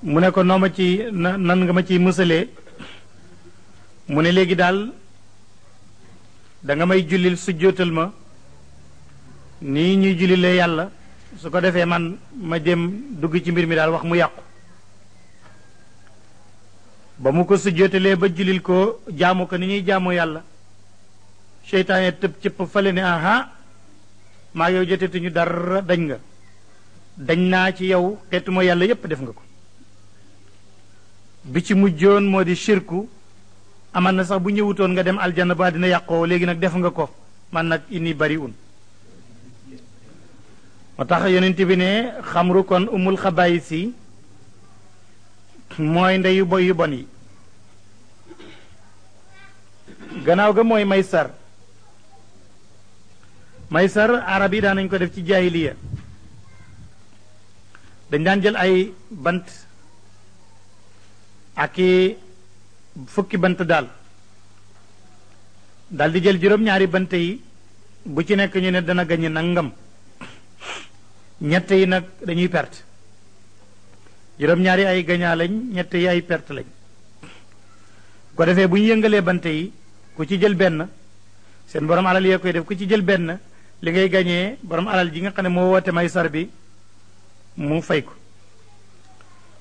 mu ne ko noo ci nan nga ma ciy musalee mu ne léegi daal da nga may jullil sujjootal ma nii ñuy jullilee yàlla su ko defee man ma jëm dugg ci mbir mi daal wax mu yàqu ba mu ko sujjootalee ba julil ko jaamu ko ni ñuy jaamu yàlla seytaan ya tëb cëpp fale ne aha maa yow ñu dara dañ nga dañ naa ci yow xeetu mooy yàlla yépp def nga ko bi ci mujjoon moo di shirku aman na sax bu ñëwutoon nga dem aljanna ba dina yàqoo léegi nag def nga ko man nag inni bari un moo tax yonent bi ne xamru kon umul khabaisi, si mooy ndeyu boy yu bon yi gannaaw ga mooy maysar maysar sar yi daan nañ ko def ci jahiliya dañ dan jël ay bant ak fukki bant dal. dal di jël juróom ñaari bant yi bu ci nekk ñu ne dana gañe nangam ñett yi nak dañuy perte juróom ñaari ay gaña lañ ñett yi ay perte lañ ko defee bu ñu yëngalee bant yi ku ci jël benn seen borom alal koy def ku ci jël benn li ngay gañee borom alal ji nga xam mo moo may sar bi mu fay ko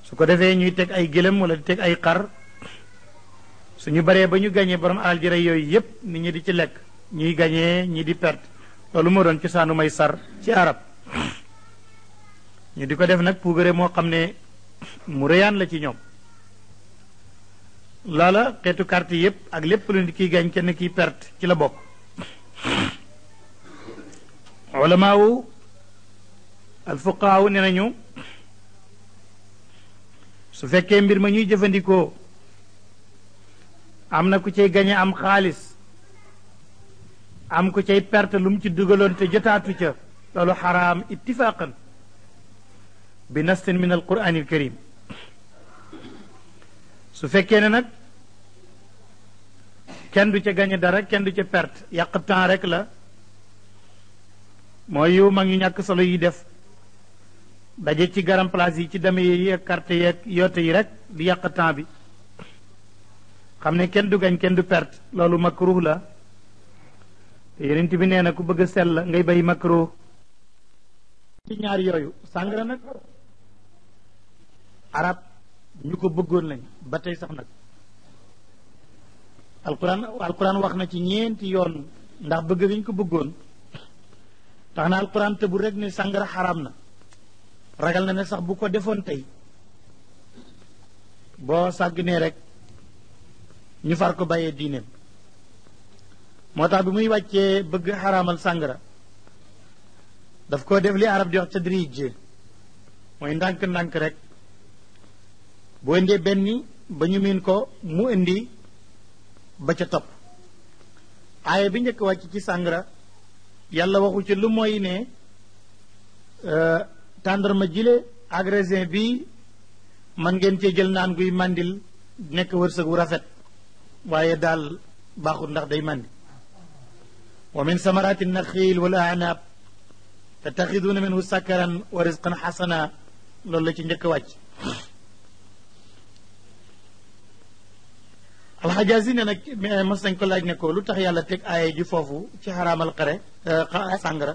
su ko defee ñuy teg ay gëlëm wala di ay xar suñu bare ba ñu gañee borom alal ji ray yoy yépp ni ñi di ci lek ñuy gañee ñi di perte lolu mo doon cosaanu may sar ci arab ñu di def nak puugare moo xam ne mu reyan la ci ñom lala xeetu carte yépp ak lépp lu nit ki kenn ki perte ci la bok ulamaawu alfuqaawu ne nañu su fekkee mbir ma ñuy jëfandikoo am na ku cay gañe am xaalis am ku cay perte lu mu ci dugaloon te jotaatu ca loolu xaraam ittifaaqan bi nastin min alquraan alkarim su fekkee ne nag kenn du ca gañe dara kenn du ca perte yàq temps rek la moy yu mag ñu ñàkk solo yi def dajé ci garam place yi ci démé yi ak carte yi ak yoté yi rek di yaq temps bi xamné ne kenn du gagne kenn du perte lolu makruh la te yenent bi néna ku bëgg sel ngay bay makruh ci ñaar yoyu sangra nak arab ñuko bëggoon lañ batay sax nak alquran alquran wax na ci ñeenti yoon ndax bëgg ko bëggoon tax na alquran te bu rek ne sàngara xaraam na ragal na ne sax bu ko defoon tey boo sàgg ne rek ñu far ko bàyyee diineem moo tax bi muy wàccee bëgg xaraamal sàngara daf ko def li arab di wax ca dirij mooy ndànk-ndànk rek boo indee benn ba ñu miin ko mu indi ba ca topp aaya bi njëkk wàcc ci sàngara yàlla waxu ci lu mooy ne euh, tàndarma jile ak raisin bi man ngeen cee jël naan guy màndil nekk wërsëg wu rafet waaye daal baaxul ndax day màndi wa min samaraati naxiil wal anaab tattaxiduuna minhu sakaran wa risqan xasana loolu la ci njëkk wàcc alxajaasi ne nag mos nañ ko laaj ne ko lu tax yàlla teg aaya ji foofu ci xaraamal xare sàngara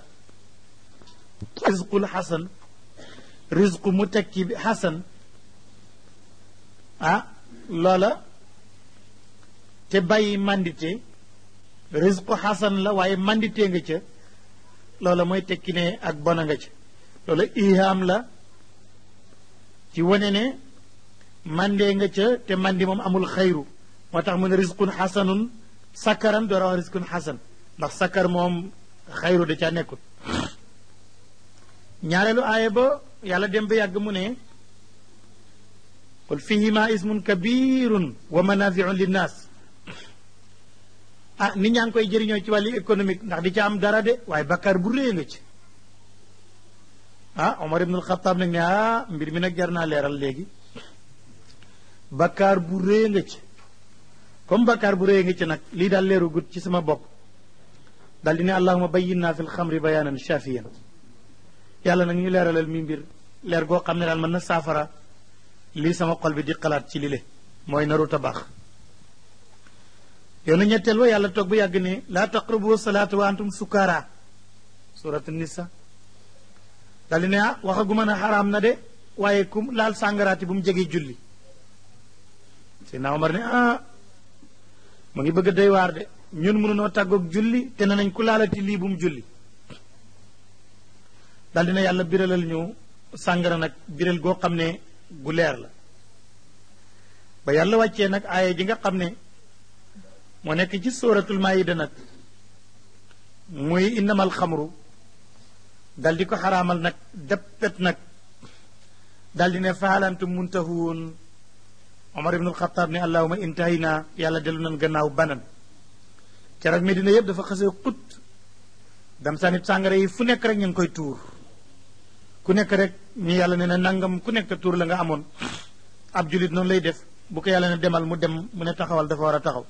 rizqul xasan rizqu mu tekki bi xasan ah loola te bàyyi mandité rizqu xasan la waaye mandité nga ca loola mooy tekki ne ak bona nga ca loola ihaam la ci wane ne mandee nga ca te mandi moom amul xayru moo tax mu ne rizqun xasanun sakkaran door a wax rizqun xasan ndax sakkar moom xayru da caa nekkut ñaareelu aaya ba yàlla dem ba yàgg mu ne qul fihima ismun kabirun wa manafiun linnaas ah nit ñaa ngi koy jëriñoo ci wàllu économique ndax di ca am dara de waaye bakkaar bu réy nga ci ah Omar ibnul Xataab nag ne ah mbir mi nag jar naa leeral léegi bakkaar bu réy nga ci comme bakkaar bu réy nga ci nag lii daal leeru gut ci sama bopp daal di ne allahuma bayyinna fi lxamri bayaanan shafiyan yàlla nag ñu leeralal mi mbir leer goo xam ne daal mën na saafara lii sama xol bi di xalaat ci lile mooy naru tabax yow na ñetteel wa yàlla toog bu yàgg ne laa taqrabu salaata wa antum sukaara suuratu nisa daal di ne ah waxaguma na xaraam na de waaye kum laal sàngaraati bu mu jege julli Seydina Omar ne ah mu ngi bëgg a doy waar de ñun mënunoo tàggoog julli te ne nañ ku laalati lii bu mu julli daal dina yàlla biralal ñu sàngara nag biral goo xam ne gu leer la ba yàlla wàccee nag aaya ji nga xam ne moo nekk ci sóoratul maayida nag muy innamal xamru daldi ko xaramal nag deppet nag daldi di ne faalantum muntahuun omar ibnul xataab ne allahuma intahina yàlla dellu nan gannaaw banan keroog medina yëpp dafa xasse xut dam sanib sangare yi fu nek rek ñing koy tour ku nek rek ñu yalla neena nangam ku nek tour la nga amoon ab julit non lay def bu ko yalla ne demal mu dem mu ne taxawal dafa wara taxaw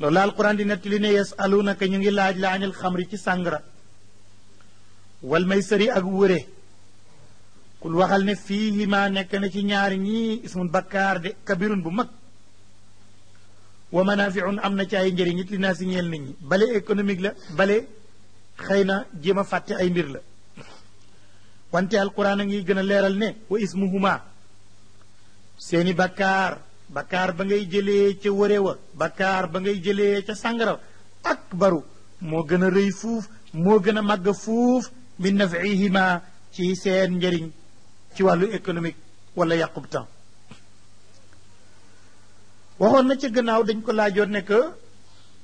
lolal alquran di li ne yasalunaka ñu ngi laaj la anil ci sàngara wal maysari ak wure kul waxal ne ma nek na ci ñaar ñi ismun bakkar de kabirun bu mak wa manaafiun am na ci ay njëriñ it li naa si ñeel nit ñi bale économique la bale xëy na jéem a fàtte ay mbir la wante alquran a ngi gën a leeral ne wa ismuhuma seeni bakkaar bakkaar ba ngay jële ci wëre wa bakkaar ba ngay jëlee ca sàngara ak baru moo gën a rëy fuuf moo gën a màgg fuuf min nafihima ci seen njëriñ ci wàllu économique wala yàqub temps waxoon na ci gannaaw dañ ko laajoon ne que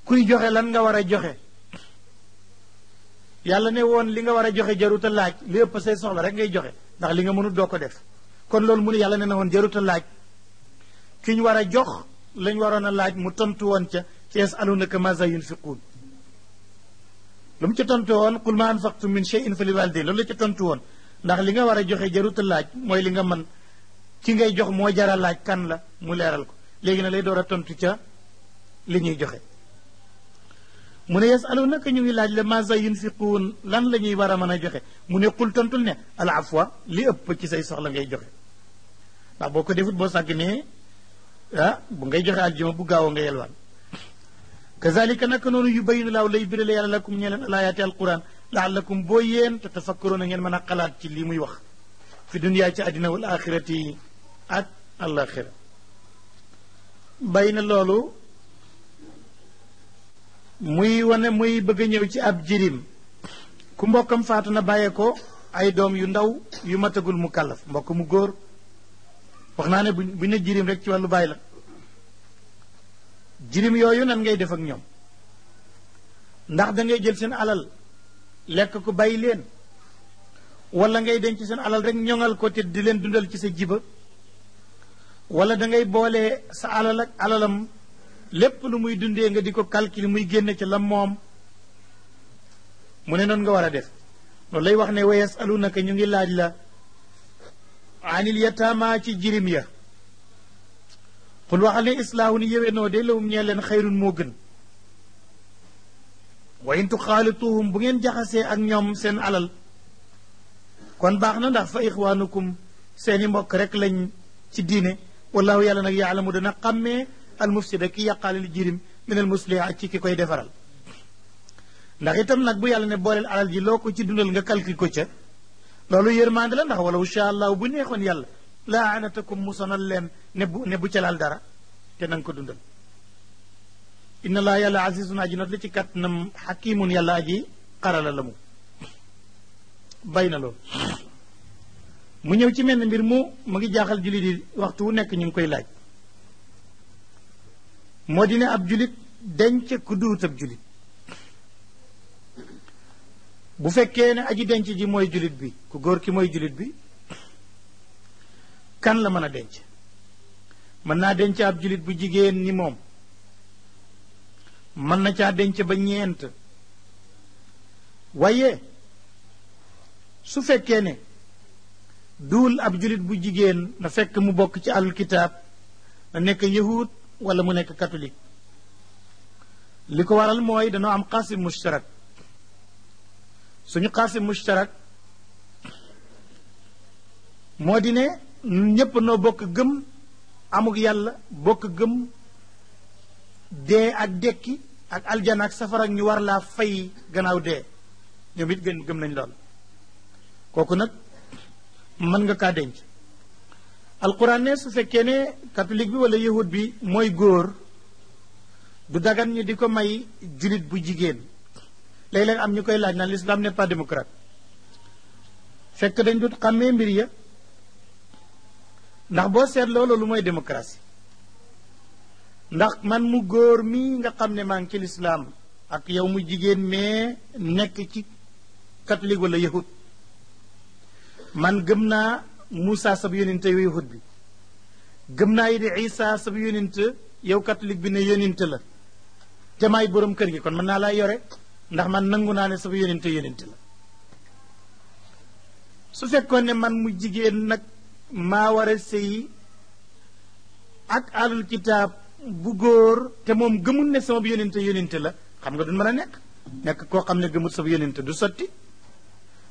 kuy joxe lan nga war a joxe yàlla ne woon li nga war a joxe jaruta laaj li ëpp say soxla rek ngay joxe ndax li nga mënut doo ko def kon loolu mu ne yàlla ne na woon jaruta laaj ki ñu war a jox lañ waroon a laaj mu tontu woon ca ci yasalunaka maza yunfiquun lu mu ca tontu woon qul ma anfaqtum min shay'in fa li walidayn loolu la ca tontu woon ndax li nga war a joxe jaruta laaj mooy li nga mën ki ngay jox moo jara laaj kan la mu leeral ko léegi na lay door a tontu ca li ñuy joxe mu ne yasalunaka ñu ngi laaj la ma za yunfiquun lan la ñuy war a mën a joxe mu ne tontu tontul ne al afwa li ëpp ci say soxla ngay joxe ndax boo ko defut boo sàgg ne ah, bu ngay joxe aljuma bu gaaw a nga yelwaan kazalika naka noonu yu bayinu laaw lay birale yàlla lakum ñee leen alaayaati alquran laallakum boo yéen te tafakkaroon a ngeen mën a xalaat ci lii muy wax fi duniyaa ci àddina wal axirati ak alaxira bàyyi na loolu muy wane muy bëgg a ñëw ci ab jirim ku mbokkam faatu na bàyyee ko ay doom yu ndaw yu matagul mu kàllaf mbokk mu góor wax naa ne buñ ne jirim rek ci wàllu bàyyi la jirim yooyu nan ngay def ak ñoom ndax dangay jël seen alal lekk ko bàyyi leen wala ngay denc seen alal rek ñoŋal ko te di leen dundal ci sa jiba wala dangay ngay boole sa alal ak alalam lépp lu muy dundee nga di ko calcul muy génne ci la moom mu ne noonu nga war a def loolu lay wax ne wa yasalunaka ñu ngi laaj la anil yataama ci jirim ya xul waxal ne islaahu ni yëwee noo de lawum ñee leen xayrun moo gën wa in tuxaalituhum bu ngeen jaxasee ak ñoom seen alal kon baax na ndax fa ixwaanukum seeni mbokk rek lañ ci diine والله يلا نجي على مدن قمة المفسد كي يقال الجريم من المسلم أشيك كوي دفرال لكن نقبل يلا نبول على الجلو كوتشي دون الجكال كي كوتشة لولو يرمان دلنا نحو لو شاء الله وبني خون يلا لا أنا تكم مصنع لين نب نبوش على الدارا تنام كدون دل إن الله يلا عزيز ناجن أدلتي كات نم حكيم يلا جي قرر اللهم بين الله mu ñëw ci mel menn mbir moo mu ngi jaaxal jullit yi waxtu wu nekk ñu ngi koy laaj moo di ne ab jullit denc ku duut ab jullit bu fekkee ne aji denc ji mooy jullit bi ku góor ki mooy jullit bi kan la mën a denc mën naa denc ab jullit bu jigéen ni moom mën na caa denc ba ñeent waaye su fekkee ne duul ab julit bu jigéen na fekk mu bokk ci àllul kitaab na nekk yahud wala mu nekk katolik li ko waral mooy dañoo am xaasim mushtarak suñu xaasim mushtarak moo di ne ñépp noo bokk gëm amuk yàlla bokk gëm dee ak dekki ak aljana ak safara ñu war laa fay gannaaw dee ñoom it gën gëm nañ lool kooku nag mën nga kaa denc alquran ne su fekkee ne catholique bi wala yahud bi mooy góor du dagan ñu di ko may julit bu jigéen léeg-léeg am ñu koy laaj naan l'islam n'est pas démocrate fekk dañ dut xàmmee mbir ya ndax boo seet loolu mooy démocratie ndax man mu góor mi nga xam ne maa ngi ci lislaam ak yow mu jigéen mais nekk ci catholique wala yahud man gëm naa Moussa sab yóninte yow yahud bi gëm naa yi di Isa sab yóninte yow catholique bi ne yóninte la te maay borom kër gi kon mën naa laa yore ndax man nangu naa ne sab yóninte yóninte la su fekkoon ne man mu jigéen nag maa war a sëyi ak alul kitaab bu góor te moom gëmul ne sama yóninte yóninte la xam nga duñ mën a nekk nekk koo xam ne gëmul sab yóninte du sotti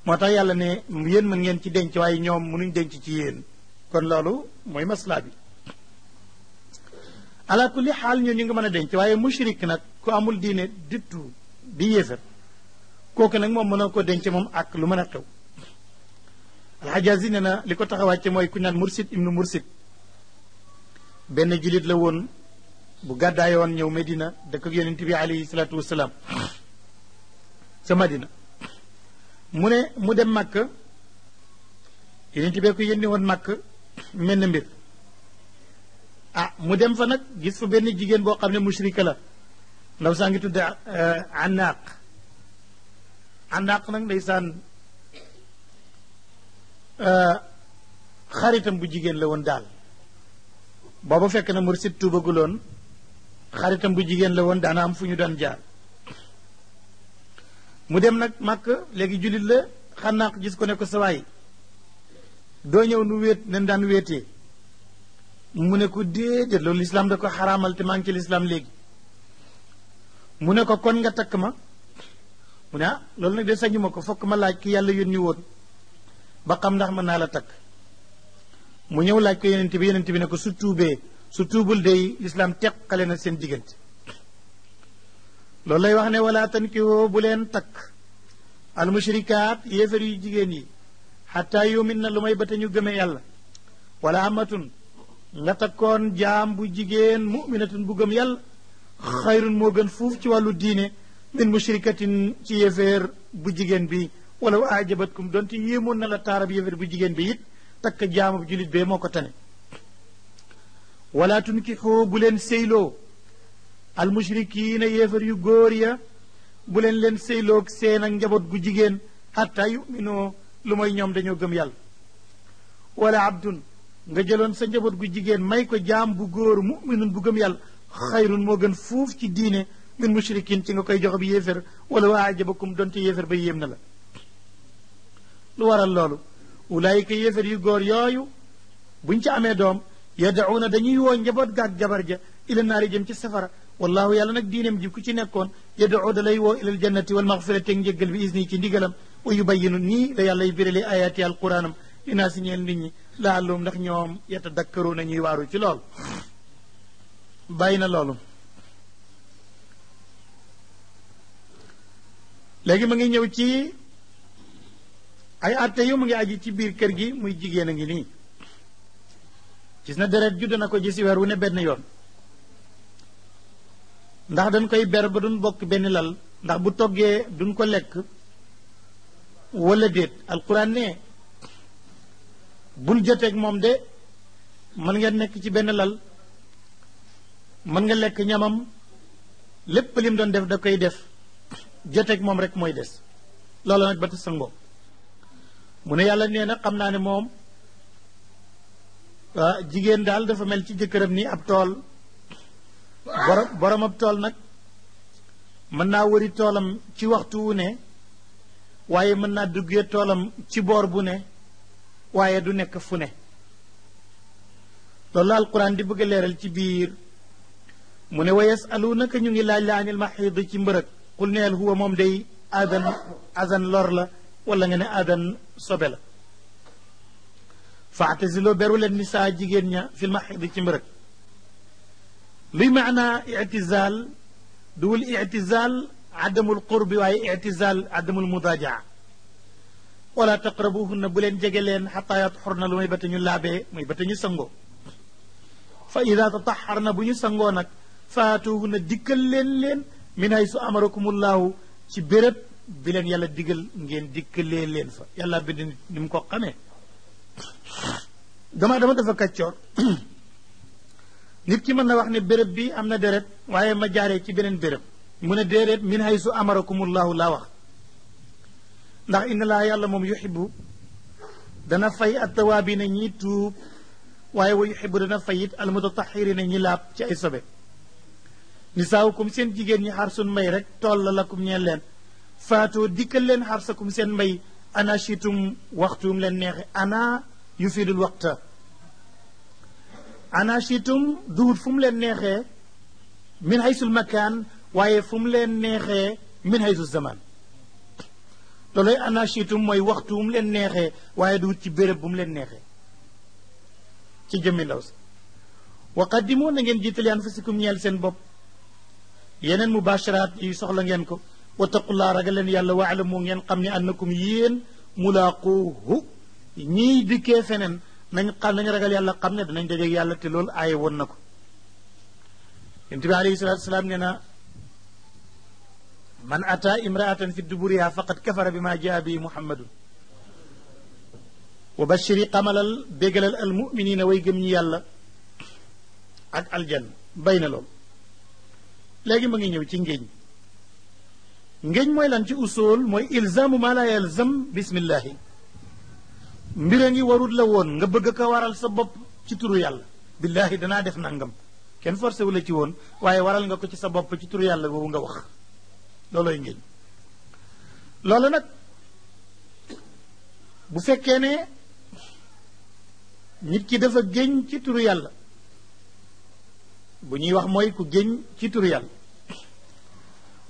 moo tax yàlla ne yéen mën ngeen ci denc waaye ñoom mënuñ denc ci yéen kon loolu mooy maslaa bi ala kulli xaal ñoo ñu ngi mën a denc waaye mushrik nag ku amul diine dittu di yéefar kooku nag moom mënoo ko denc moom ak lu mën a xew alxajaasi ne na li ko tax a mooy ku naan mursid ibnu mursid benn julit la woon bu gàddaayoon ñëw Medina dëkk ak yonent bi alayhi salaatu wasalaam ca Madina mu ne mu dem màkk yonent bee ko yónni woon màkk mel na mbir ah mu dem fa nag gis fa benn jigéen boo xam ne mushrika la ndaw saa ngi tudde eh, ànnaaq ànnaaq nag ndeysaan eh, xaritam bu jigéen la woon daal booba fekk na mursid tuubaguloon xaritam bu jigéen la woon daana am fu ñu daan jaar mu dem nag màkk léegi jullit la xanaaq gis ko ne ko sawaay doo ñëw nu wéet nañ daan wéetee mu ne ko déedéet loolu lislaam da ko xaraamal te maa ngi ci lislaam léegi mu ne ko kon nga takk ma mu ne ah loolu nag de sañu ma ko fokk ma laaj ki yàlla yónni woon ba xam ndax mën naa la takk mu ñëw laaj ko yenent bi yenent bi ne ko su tuubee su tuubul day lislaam teqale na seen diggante loolu lay wax ne wala tankihoo bu leen takk almushrikaat yéefar yu jigéen yi xataa yumin na lu may ba ñu gëme yàlla wala amatun nga takkoon jaam bu jigéen muminatun bu gëm yàlla xayrun moo gën fuuf ci wàllu diine min mushrikatin ci yéeféer bu jigéen bi wala ajabatkum donte yéemoon na la taarab yéeféer bu jigéen bi it takk jaamub julit bee moo ko tane wala tunkixoo bu leen séyloo almushrikiina yéefar yu góor ya bu leen leen sëyloog seen ak njaboot gu jigéen xatta yuminoo lu mooy ñoom dañoo gëm yàlla wala abdun nga jëloon sa njaboot gu jigéen may ko jaam bu góor muminun bu gëm yàlla xayrun moo gën fuuf ci diine min mushrikin ci nga koy joxe bi yéefar wala waa ajabakum donte yéefar ba yéem na la lu waral loolu ulaayika yéefar yu góor yooyu buñ ci amee doom yadacuuna dañuy woo njaboot gaag jabar ja ila naari jëm ci safara wallaahu yàlla nag diineem ji ku ci nekkoon yadoo da lay woo ilal jannati wal maxfirati ak njëggal bi isni ci ndigalam wa yubayinu nii la yàlla y biralee ayaati alquraanam dinaa si ñeel nit ñi laalum ndax ñoom yatadakkaru na ñuy waaru ci lool bàyyi na loolu léegi ma ngi ñëw ci ay atte yu mu ngi aji ci biir kër gi muy jigéen a ngi nii gis na deret judd na ko ji si weer wu ne benn yoon ndax dañ koy ber ba duñ bokk benn lal ndax bu toggee duñ ko lekk wala déet alquran ne buñ joteeg moom de mën ngeen nekk ci benn lal mën nga lekk ñamam lépp lim doon def da koy def joteeg moom rek mooy des loolu nag ba mu ne yàlla nee na xam naa ne moom ah, jigéen daal dafa mel ci jëkkëram ni ab tool borom boromab tool nag mën naa wëri toolam ci waxtu wu ne waaye mën naa duggee toolam ci boor bu ne waaye du nekk fu ne loolu alquran di bëgg leeral ci biir mu ne wa yasaluunaka ñu ngi laaj la anil maxiid ci mbërëg qul neel huwa moom day aadan azan lor la walla nga ne aadan sobe la faatasiloo beru leen nisaa jigéen ña fil maxiid ci mbërëg li luy maanaa itizaal duwul itizaal adamul qurbi waaye itizaal adamul mudaajaa wala taqrabuhunna bu leen jege leen xataa yatxurna lu may bata ñu laabee muy bata ñu sangoo fa ida tataxarna bu ñu sangoo nag faatuhunna dikkal leen leen min su haysu amarakumullahu ci béréb bi leen yàlla digal ngeen dikkalee leen fa yàlla bind ni ko xamee dama dama dafa nit ki mën na wax ne béréb bi am na deret waaye ma jaaree ci beneen béréb mu ne min haysu amarakumullahu laa wax ndax inna laa yàlla moom yuxibu dana fay attawaabiina ñi tuub waaye wa yuxibu dana fayit it almutataxirina ñi laab ci ay sobe nisaawukum seen jigéen ñi xar sun may rek tool la lakum ñeen leen faatoo dikkal leen sakum seen may ana shitum waxtuum leen neexe ana yufidul waqta anashitum duut fum len nexé min haysul makaan waaye fu mu leen neexee min haysu zaman looloy anashitum moy waxtu len nexé waye neexee duut ci béréb bum len nexé ci jëmmi ndaw wa qaddimu na ngeen jiitali anfusikum ñel seen bop yenen mubasharat yi soxla ngeen ko wa wattaqullaa ragal len yàlla wa'lamu ngeen xamni annakum yéen mulaquhu ñi dikke fenen nañ xam nañ ragal yàlla xam ne danañ dajeeg yàlla te loolu aaye woon na ko yonent bi alayhi salaatu salaam nee na man ata imraatan fi duburiha faqad kafara bi ma jaa bi muhammadun wa bashiri xamalal bégalal al muminina way gëm ñi yàlla ak aljanna bay na lool léegi ma ngi ñëw ci ngéeñ ngéeñ mooy lan ci usool mooy ilzamu ma la yalzam bismillahi mbira ngi warut la woon nga bëgg a ko waral sa bopp ci turu yàlla billaahi danaa def nangam kenn forcé wu la ci woon waaye waral nga ko ci sa bopp ci turu yàlla boobu nga wax loolooy nag bu fekkee ne nit ki dafa géñ ci turu yàlla bu ñuy wax mooy ku géñ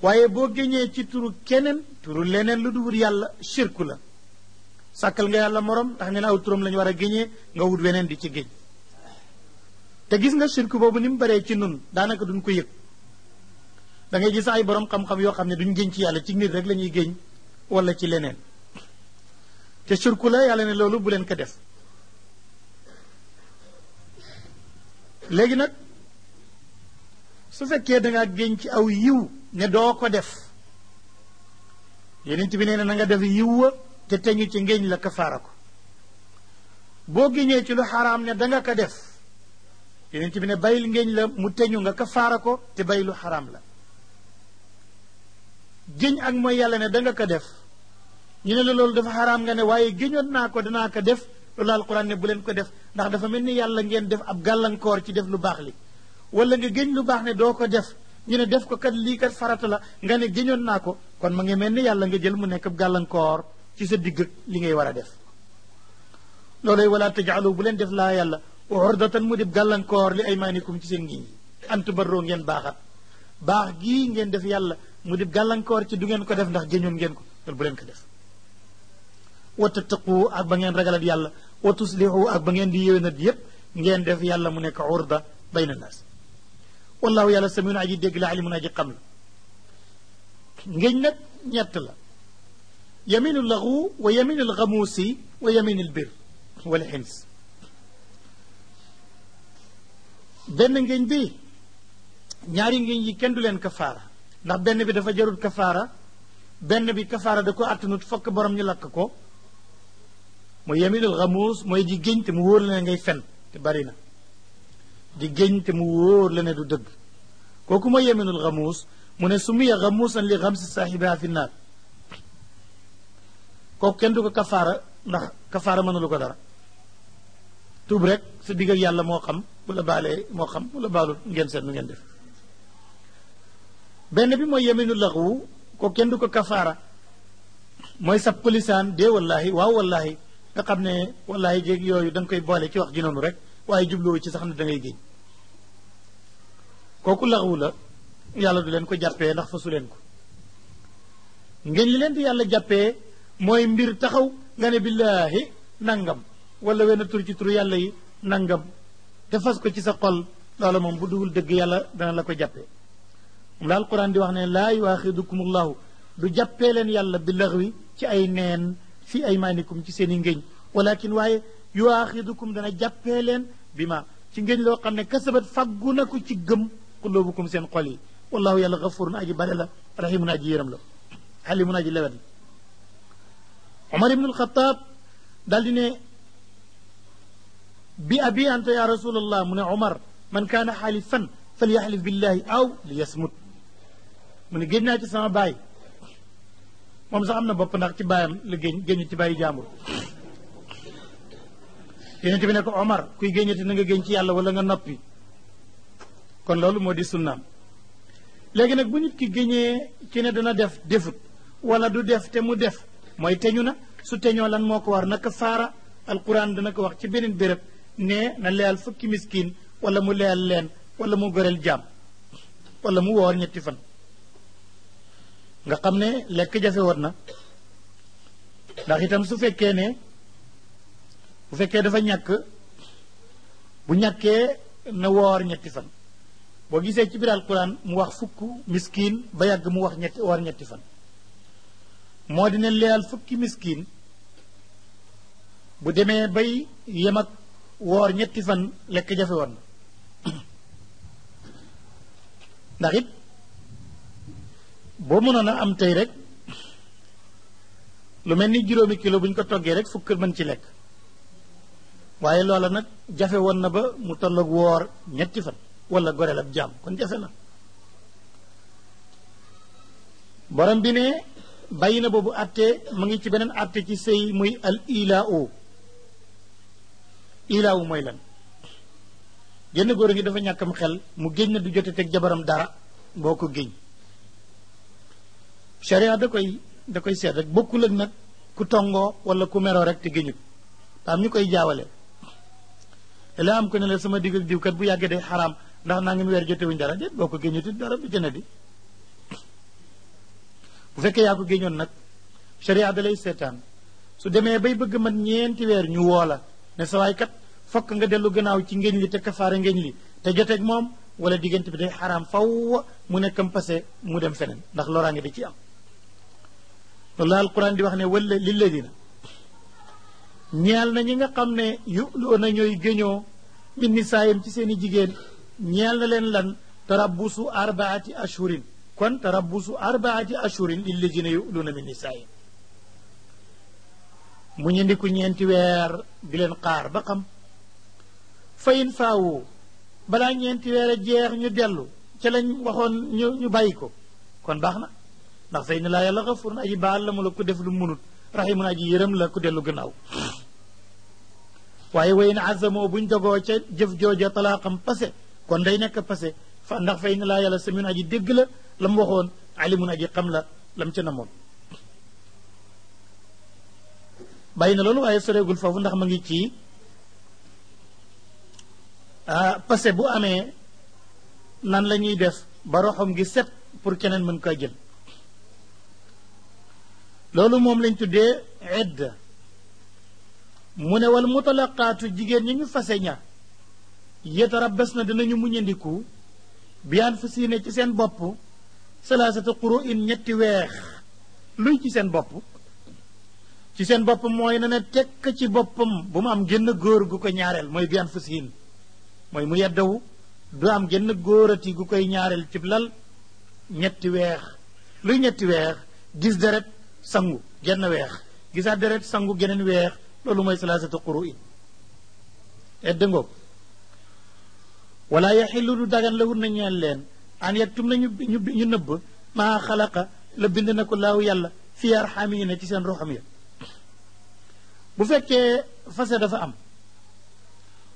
waaye boo géñee ci turu keneen turu leneen lu dul yàlla shirku la sàkkal nga yàlla morom ndax nee na aw turam la war a géñee nga wut weneen di ci géñ te gis nga sirku boobu ni mu baree ci nun daanaka duñ ko yëg dangay gis ay boroom xam-xam yoo xam ne duñ géñ ci yàlla ci nit rek la ñuy géñ walla ci leneen te sirku la yàlla ne loolu bu leen ko def léegi nag su fekkee dangaa géñ ci aw yiw ne doo ko def yeneen bi nee na na nga def yiw wa te teñu ci ngéeñ la kafaara ko boo géñee ci lu xaraam ne danga ko def yonent bi ne bàyyil ngéeñ la mu teñu nga kafaara ko te bàyyi lu xaraam la géñ ak mooy yàlla ne danga ko def ñu ne la loolu dafa xaraam nga ne waaye géñoon naa ko danaa ko def loolu alquran ne bu leen ko def ndax dafa mel ni yàlla ngeen def ab gàllankoor ci def lu baax li wala nga géñ lu baax ne doo ko def ñu ne def ko kat lii kat farata la nga ne géñoon naa ko kon ma ngi mel ni yàlla nga jël mu nekk gàllankoor ci sa digg li ngay wara def lolay wala tajalu bu len def la yalla wa ordatan mudib galan kor li aymanikum ci sen ngiñ antu barro ngeen baxat bax gi ngeen def yalla mudib galan kor ci du ngeen ko def ndax jëñoon ngeen ko lol bu len ko def wa tattaqu ak ba ngeen ragalat yalla wa tuslihu ak ba ngeen di yewenat ngeen def yalla mu nek urda bayna nas wallahu yalla samiun aji deg la alimun aji qam ngeñ nak ñett la يمين اللغو ويمين الغموس ويمين البر والحمص benn ngéñ bi ñaari ngéñ yi kenn du leen kafaara ndax benn bi dafa jarul kafaara benn bi kafaara da ko attanut fokk borom ñu lakk ko mooy yaminul xamuus mooy di géñ te mu wóor la ne ngay fen te bari na di géñ te mu wóor la ne du dëgg kooku mooy yaminul xamuus mu ne su muya xamuusan li xam si saaxibiha fi naar kooku kenn du ko kafaara ndax kafaara mënulu ko dara tuub rek sa digg yàlla moo xam bu la baalee moo xam bu la baalut ngeen seet nu ngeen def benn bi mooy yeminu laxwu ko kenn du ko kafaara mooy sab kulisaan dee wallaahi waaw wallaahi nga xam ne wallaahi jéeg yooyu da koy boole ci wax ji noonu rek waaye jubluwu ci sax ne da ngay géñ kooku laxwu la yàlla du leen ko jàppee ndax fasu leen ko ngeen li leen di yàlla jàppee moy mbir taxaw ngane billahi nangam wala wena tur ci tur yàlla yi nangam te fas ko ci sa xol loola mom bu dugul deug yàlla dana la ko jappé mom dal qur'an di wax ne la yu'akhidukum allah du jappé len yàlla bi lax ci ay neen fi ay maanikum ci seni ngéñ walakin waaye yu'akhidukum dana jappé len bima ci ngéñ lo xamne kasabat faggu na ko ci gëm qulubukum sen xol yi wallahu yàlla gafurun aji bare la rahimun aji yërëm la xalimun aji lewet Umar ibn al-Khattab daldi ne bi abi anta ya Rasulullah mu Umar man kaana xaalifan falyaxlif billahi aw liyasmut mu ne sama baay moom sax am na bopp ndax ci baayam la génn génn ci baayu jaambur yonente bi ne ko Omar kuy génnati na nga génn ci yàlla kon lalu moo di sunnaam léegi nag bu nit ki génnee ci ne dana def defut wala du moy teñu na su teñoo lan moko war na kafaara alquran dana ko wax ci benen beurep ne na leyal fukki miskin wala mu leyal len wala mu gorel jam wala mu wor ñetti fan nga xamne ne jafé jafe na ndax itam su fekke ne bu fekke dafa ñak bu ñaké na wor ñetti fan bo gisé ci bir alquran mu wax fukku miskin ba yag mu wax ñetti wor ñetti fan moo dina leyal fukki miskin bu demee bay yem ak woor ñetti fan lekk jafe woon ndax it boo mënoon a am tey rek lu mel ni juróomi kilo buñ ko toggee rek fukk mën ci lekk waaye loola nag jafe woon na ba mu tolloog woor ñetti fan wala goreel ab jaam kon jafe na borom bi ne bàyyi na boobu àtte mu ngi ci beneen àtte ci sëy muy al ilaaw ilaaw mooy lan génn góor gi dafa ñàkkam xel mu géñ na du jote teg jabaram dara boo ko géñ sharia da koy da koy seet rek bokkul ak nag ku tongoo wala ku meroo rek te géñut am ñu koy jaawale la am ko ne la sama digg ak diwkat bu yàggee day xaraam ndax naa ngi weer jote wuñ dara déet boo ko géñuti dara bu jëne di bu fekkee yaa ko géñoon nag sharia da lay seetaan su demee bay bëgg mat ñeenti weer ñu woola ne sa waay kat fokk nga dellu gannaaw ci ngéñ li te kafaara ngéñ li te joteeg moom wala diggante bi day xaraam faw mu nekkam passé mu dem feneen ndax loraange di ci am loolu la di wax ne wala lilladina ñeel na ñi nga xam ne yuloo na ñooy géñoo min nisaayam ci seen i jigéen ñeel na leen lan tarabbusu arbaati ashhurin kon tarabbusu arbaati ashurin lillazina yu'luna min nisaa'in mu ñu ndiku ñeenti weer di leen xaar ba xam fayin faawu balaa ñeenti weer a jeex ñu dellu ca lañ waxoon ñu ñu bàyyi ko kon baax na ndax fa inna laa yàlla xafurun aji baal la mu la ku def lu munut raximun aji yërëm la ku dellu gannaaw waaye wayin azamoo buñ dogoo ca jëf jooja talaaxam passé kon day nekk passé fa ndax fa inna laa yàlla samin aji dégg la lam waxoon alimun aji xam la lam ca namoon bàyyi na loolu waaye soreegul foofu ndax ma ngi ci ah, passé bu amee nan la ñuy def ba roxom gi set pour keneen mën kaa jël loolu moom lañ tuddee edd mu ne wal mutalaqaatu jigéen ñi ñu fase ña yétara bés na dinañu muñandiku bi an ne ci seen bopp salaasata quru in ñetti weex luy ci seen bopp ci seen bopp mooy na ne tekk ci boppam bu mu am génn góor gu ko ñaareel mooy bi an fusihin mooy mu yeddawu du am génn góorati gu koy ñaareel cib lal ñetti weex luy ñetti weex gis deret sangu genn weex gisaat deret sangu geneen weex loolu mooy salaasatu quru in edda ngoog wala yaxilu du dagan la wut na ñeen leen an yaktum na ñu ñu nëbb maa xalaqa la bind na ko laaw yàlla fi arxamiina ci seen roxam ya bu fekkee fase dafa am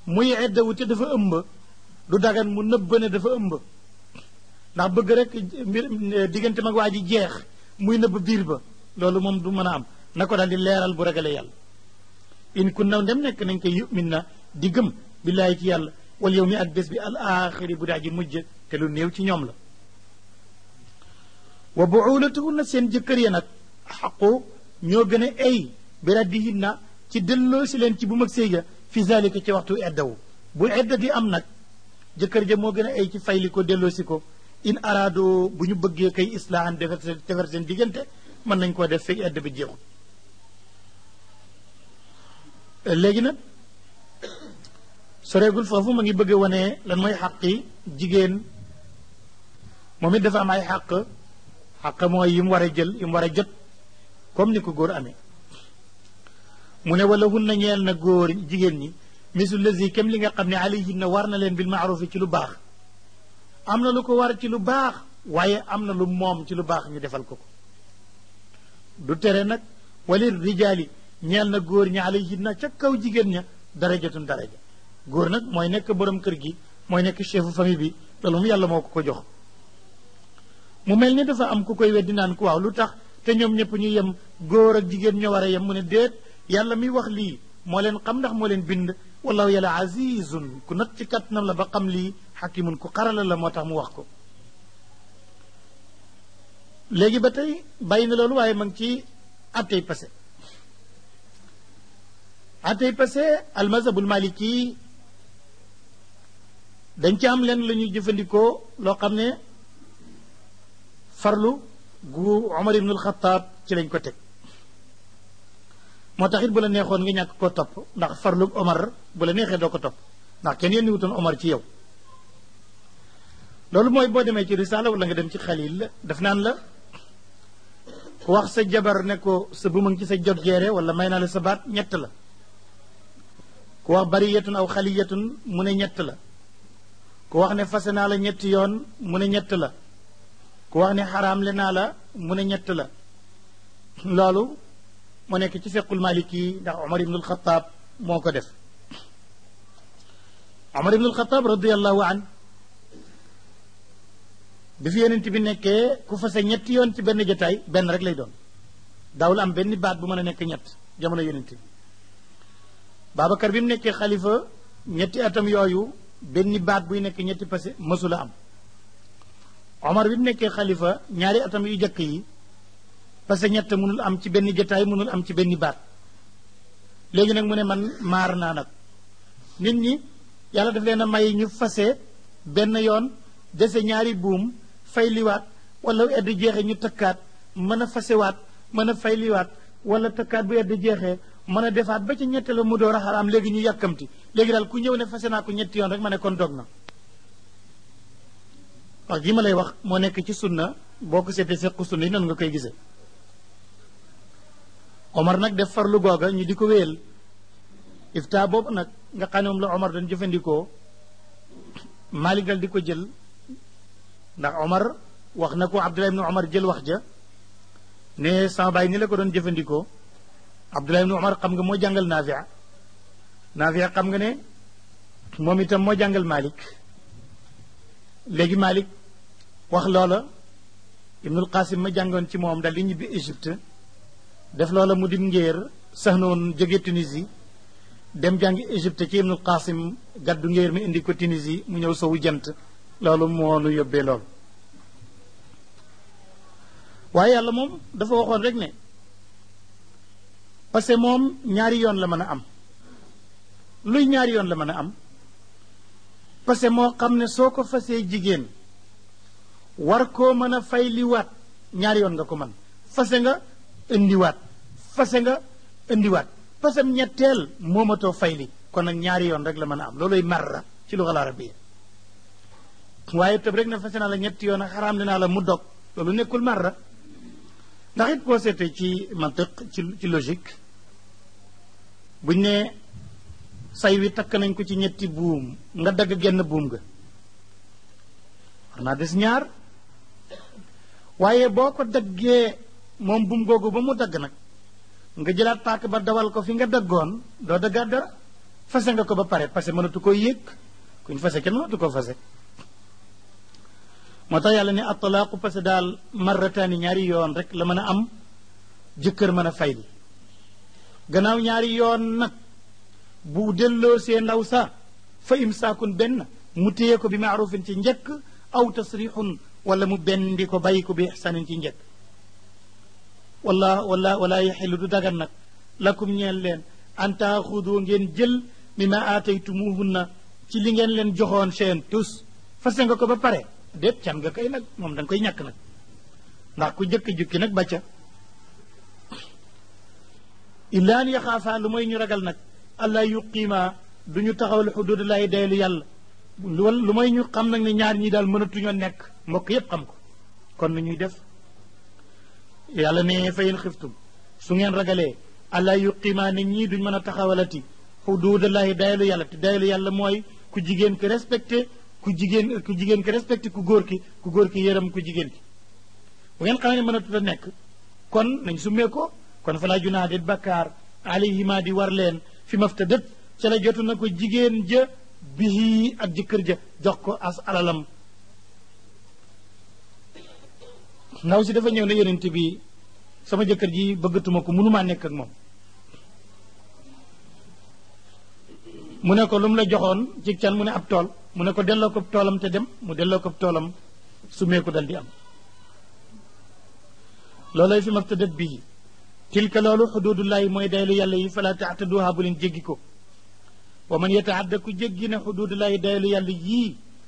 muy eddawu te dafa ëmb du dagan mu nëbb ne dafa ëmb ndax bëgg rek mbir diggante mag waa ji jeex muy nëbb biir ba loolu moom du mën a am na ko daal di leeral bu ragalee yàlla in kun naw dem nekk nañ koy yumin na di gëm billaahi ci yàlla wal yow mi ak bés bi al axiri bu daa ji mujj te lu néew ci ñoom la wa buulatuhunna seen jëkkër ya nag xaqu ñoo gën a ay bi raddihinna ci delloo si leen ci bu mag sëy ga fi zalika ci waxtu eddawu bu edda di am nag jëkkër ja moo gën a ay ci fayli ko delloo ko in araado bu ñu bëggee kay islaahan defar seen defar diggante mën nañ koo def fekk edd bi jeexul léegi nag soreegul foofu ma ngi bëgg a wane lan mooy xaqi jigéen momit dafa am ay xàq xàq moy yim wara jël yim wara war jot comme ni ko góor amee mu wala hun na ñeel na gor jigen ñi misul lazi kem li nga xam alayhi na war na leen bil ma'ruf ci lu bax amna lu ko war ci lu bax waye amna lu mom ci lu bax ñu defal ko du tere nak walir rijali ñeel na gor ñi alayhi na ca kaw jigen ña darajatun daraja gor nak moy nek borom kër gi moy nek chefu famille bi lolum yàlla moko ko jox mu mel ni dafa am ku koy weddi naan ko waaw lu tax te ñoom ñëpp ñu yem góor ak jigéen ñoo war a yem mu ne déet yàlla mi wax lii moo leen xam ndax moo leen bind wallahu yàlla azizun ku nat ci kàttanam la ba xam lii xakimun ku xarala la moo tax mu wax ko léegi ba tey bàyyi na loolu waaye ma ngi ci attey passé attey passé almazhabul maliki dañ ci am leen la ñuy jëfandikoo loo xam ne farlu gu omar ibnul khattab ci lañ ko tek moo taxit bu la neexon nga ñak ko top ndax farlu omar bu la neexé do ko top ndax ken yéen wutoon omar ci yow loolu moy bo démé ci risala wala nga dem ci khalil daf nan la wax sa jabar ne ko sa bu ci sa jot géré wala mayna la sa bat ñett la ku wax bariyatun aw khaliyatun mu ne ñett la ku wax ne fasena la ñett yoon mu ne ñett la ku wax ne xaraam le naa la mu ne ñett la loolu moo nekk ci sequl maliki ndax omar ibnul xataab moo ko def omar ibnul xataab radiallahu an bi fi yonent bi nekkee ku fase ñetti yoon ci benn jotaay benn rek lay doon daawul am benn baat bu mën a nekk ñett jamono yonent bi Babacar bi mu nekkee xalifa ñetti atam yooyu benn baat buy nekk ñetti passé mësula am Omar bi mu nekkee xalifa ñaari atam yu jëkk yi parce que ñett mënul am ci benn jotaay mënul am ci benn baat léegi nag mu ne man maar naa nag nit ñi yàlla def leen a may ñu fase benn yoon dese ñaari buum fay liwaat wala edd jeexe ñu tëkkaat mën a fasewaat mën a fay liwaat wala tëkkaat bu edd jeexee mën a defaat ba ci ñette la mu door a xaraam léegi ñu yàkkamti léegi daal ku ñëw ne fase naa ko ñetti yoon rek ma ne kon dog na wax ji ma lay wax mo nek ci sunna boo ko seetee sequ sunna yi nga koy omar nak def farlu goga ñu diko ko ifta bobu nak nga la omar dañ jëfëndiko malik dal di jël ndax omar wax na ko abdullah ibn omar jël wax ja ne sama bay ni la ko doon jëfëndiko abdullah ibn omar xam nga mo jangal naafia naafia xam nga ne momitam mo jangal malik léegi Malick wax loola Ibnul Qasim ma jàngoon ci moom dal li ñibbi Égypte def loola mu di ngéer sax na woon jóge Tunisie dem jàng Égypte ci Ibnul Qasim gàddu ngéer mi indi ko Tunisie mu ñëw sowu jant loolu moo nu yóbbee lool. waaye yàlla moom dafa waxoon rek ne parce que moom ñaari yoon la mën a am luy ñaari yoon la mën a am pase moo xam ne soo ko fasee jigéen war koo mën a fay liwaat ñaari yoon nga ko man fase nga indiwaat fase nga indiwaat que ñetteel moomatoo fay li kon nag ñaari yoon rek la mën a am looluy marra ci xalaara bi waaye tëb rek ne fase naa la ñetti yoon xaraam dinaa la mu dog loolu nekkul marra ndax it boo seetee ci mantiq ci ci logique buñ say wi tak nañ ko ci ñetti boom nga dag genn boom ga war des ñaar waye boko dagge mom boom gogu ba mu dag nak nga jëlat tak ba dawal ko fi nga daggon do daggaat fase nga ko ba pare parce que mënatu koo yëg kuñ fase kenn mënatu ko fase mata yalla ni ne talaq parce dal marratan ñaari yoon rek la mëna am jikir mëna a fayli gannaaw ñaari yoon nak bu delloo see ndaw sa fa imsaakun benn mu téye ko bi maarufin ci njëkk aw tasrixun wala mu bendi ko bàyyi ko bi ixsanin ci njëkk wala wala wala yaxilu du dagan nag lakum ñeen leen an taaxudoo ngeen jël mi ma aataytumuhunna ci li ngeen leen joxoon seen tus fase nga ko ba pare déet can nga koy nag moom da koy ñàkk nag ndax ku jëkk jukki nag bàcca illaan yaxaafaa lu moy ñu ragal nag allah yuqiima du ñu taxawal xuduudallaahi daylu yàlla lu may ñu xam nag ne ñaar ñii daal mënatuñoo nekk mbokk yépp xam ko kon na ñuy def yàlla ne fa in xiftum su ngeen ragalee allah yuqiima ne ñii duñ mën a taxawalati xuduudallaahi daylu yàlla te daylu yàlla mooy ku jigéen ki respecté ku jigéen ku jigéen ki respecté ku góor ki ku góor ki yërëm ku jigéen ki bu ngeen xamee ne mënatut a nekk kon nañ summee ko kon fa laa junaaha déet bakkaar alayhima di war leen fi maftadat ci la jotu nako jigen je, bi bihi ak jëkkër je jox ko as alalam naw ci dafa ñew na yonent bi sama jëkkër ji bëggatuma ko mënuma nekk ak moom mu ne ko lu la joxoon ci can mu ne ab tool mu ne ko delloo ko toolam te dem mu delloo ko toolam su meeku dal di am loolay fi bihi تلك لولو حدود الله موي دايلو يالا يي فلا تعتدوها بولين جيغيكو ومن يتعدى كو جيغينا حدود الله دايلو يالا يي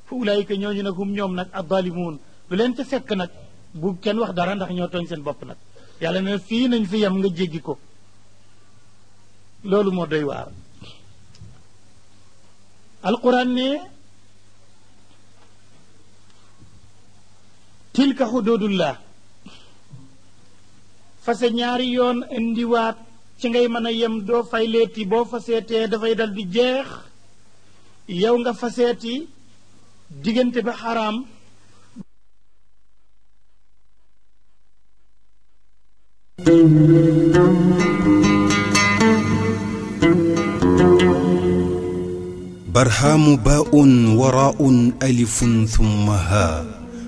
فاولئك نيوني نك هم نيوم نك الظالمون لولين تا فك نك بو كين واخ دارا نخ نيو توغ سين بوب نك يالا نيو في نين في يام nga جيغيكو لولو مو داي وار القران ني تلك حدود الله fase ñaari yoon indi waat ci ngay mën a yem doo fay leeti boo faseetee dafay dal di jeex yow nga faseeti diggante bi xaraam برهام باء وراء ألف ثم هاء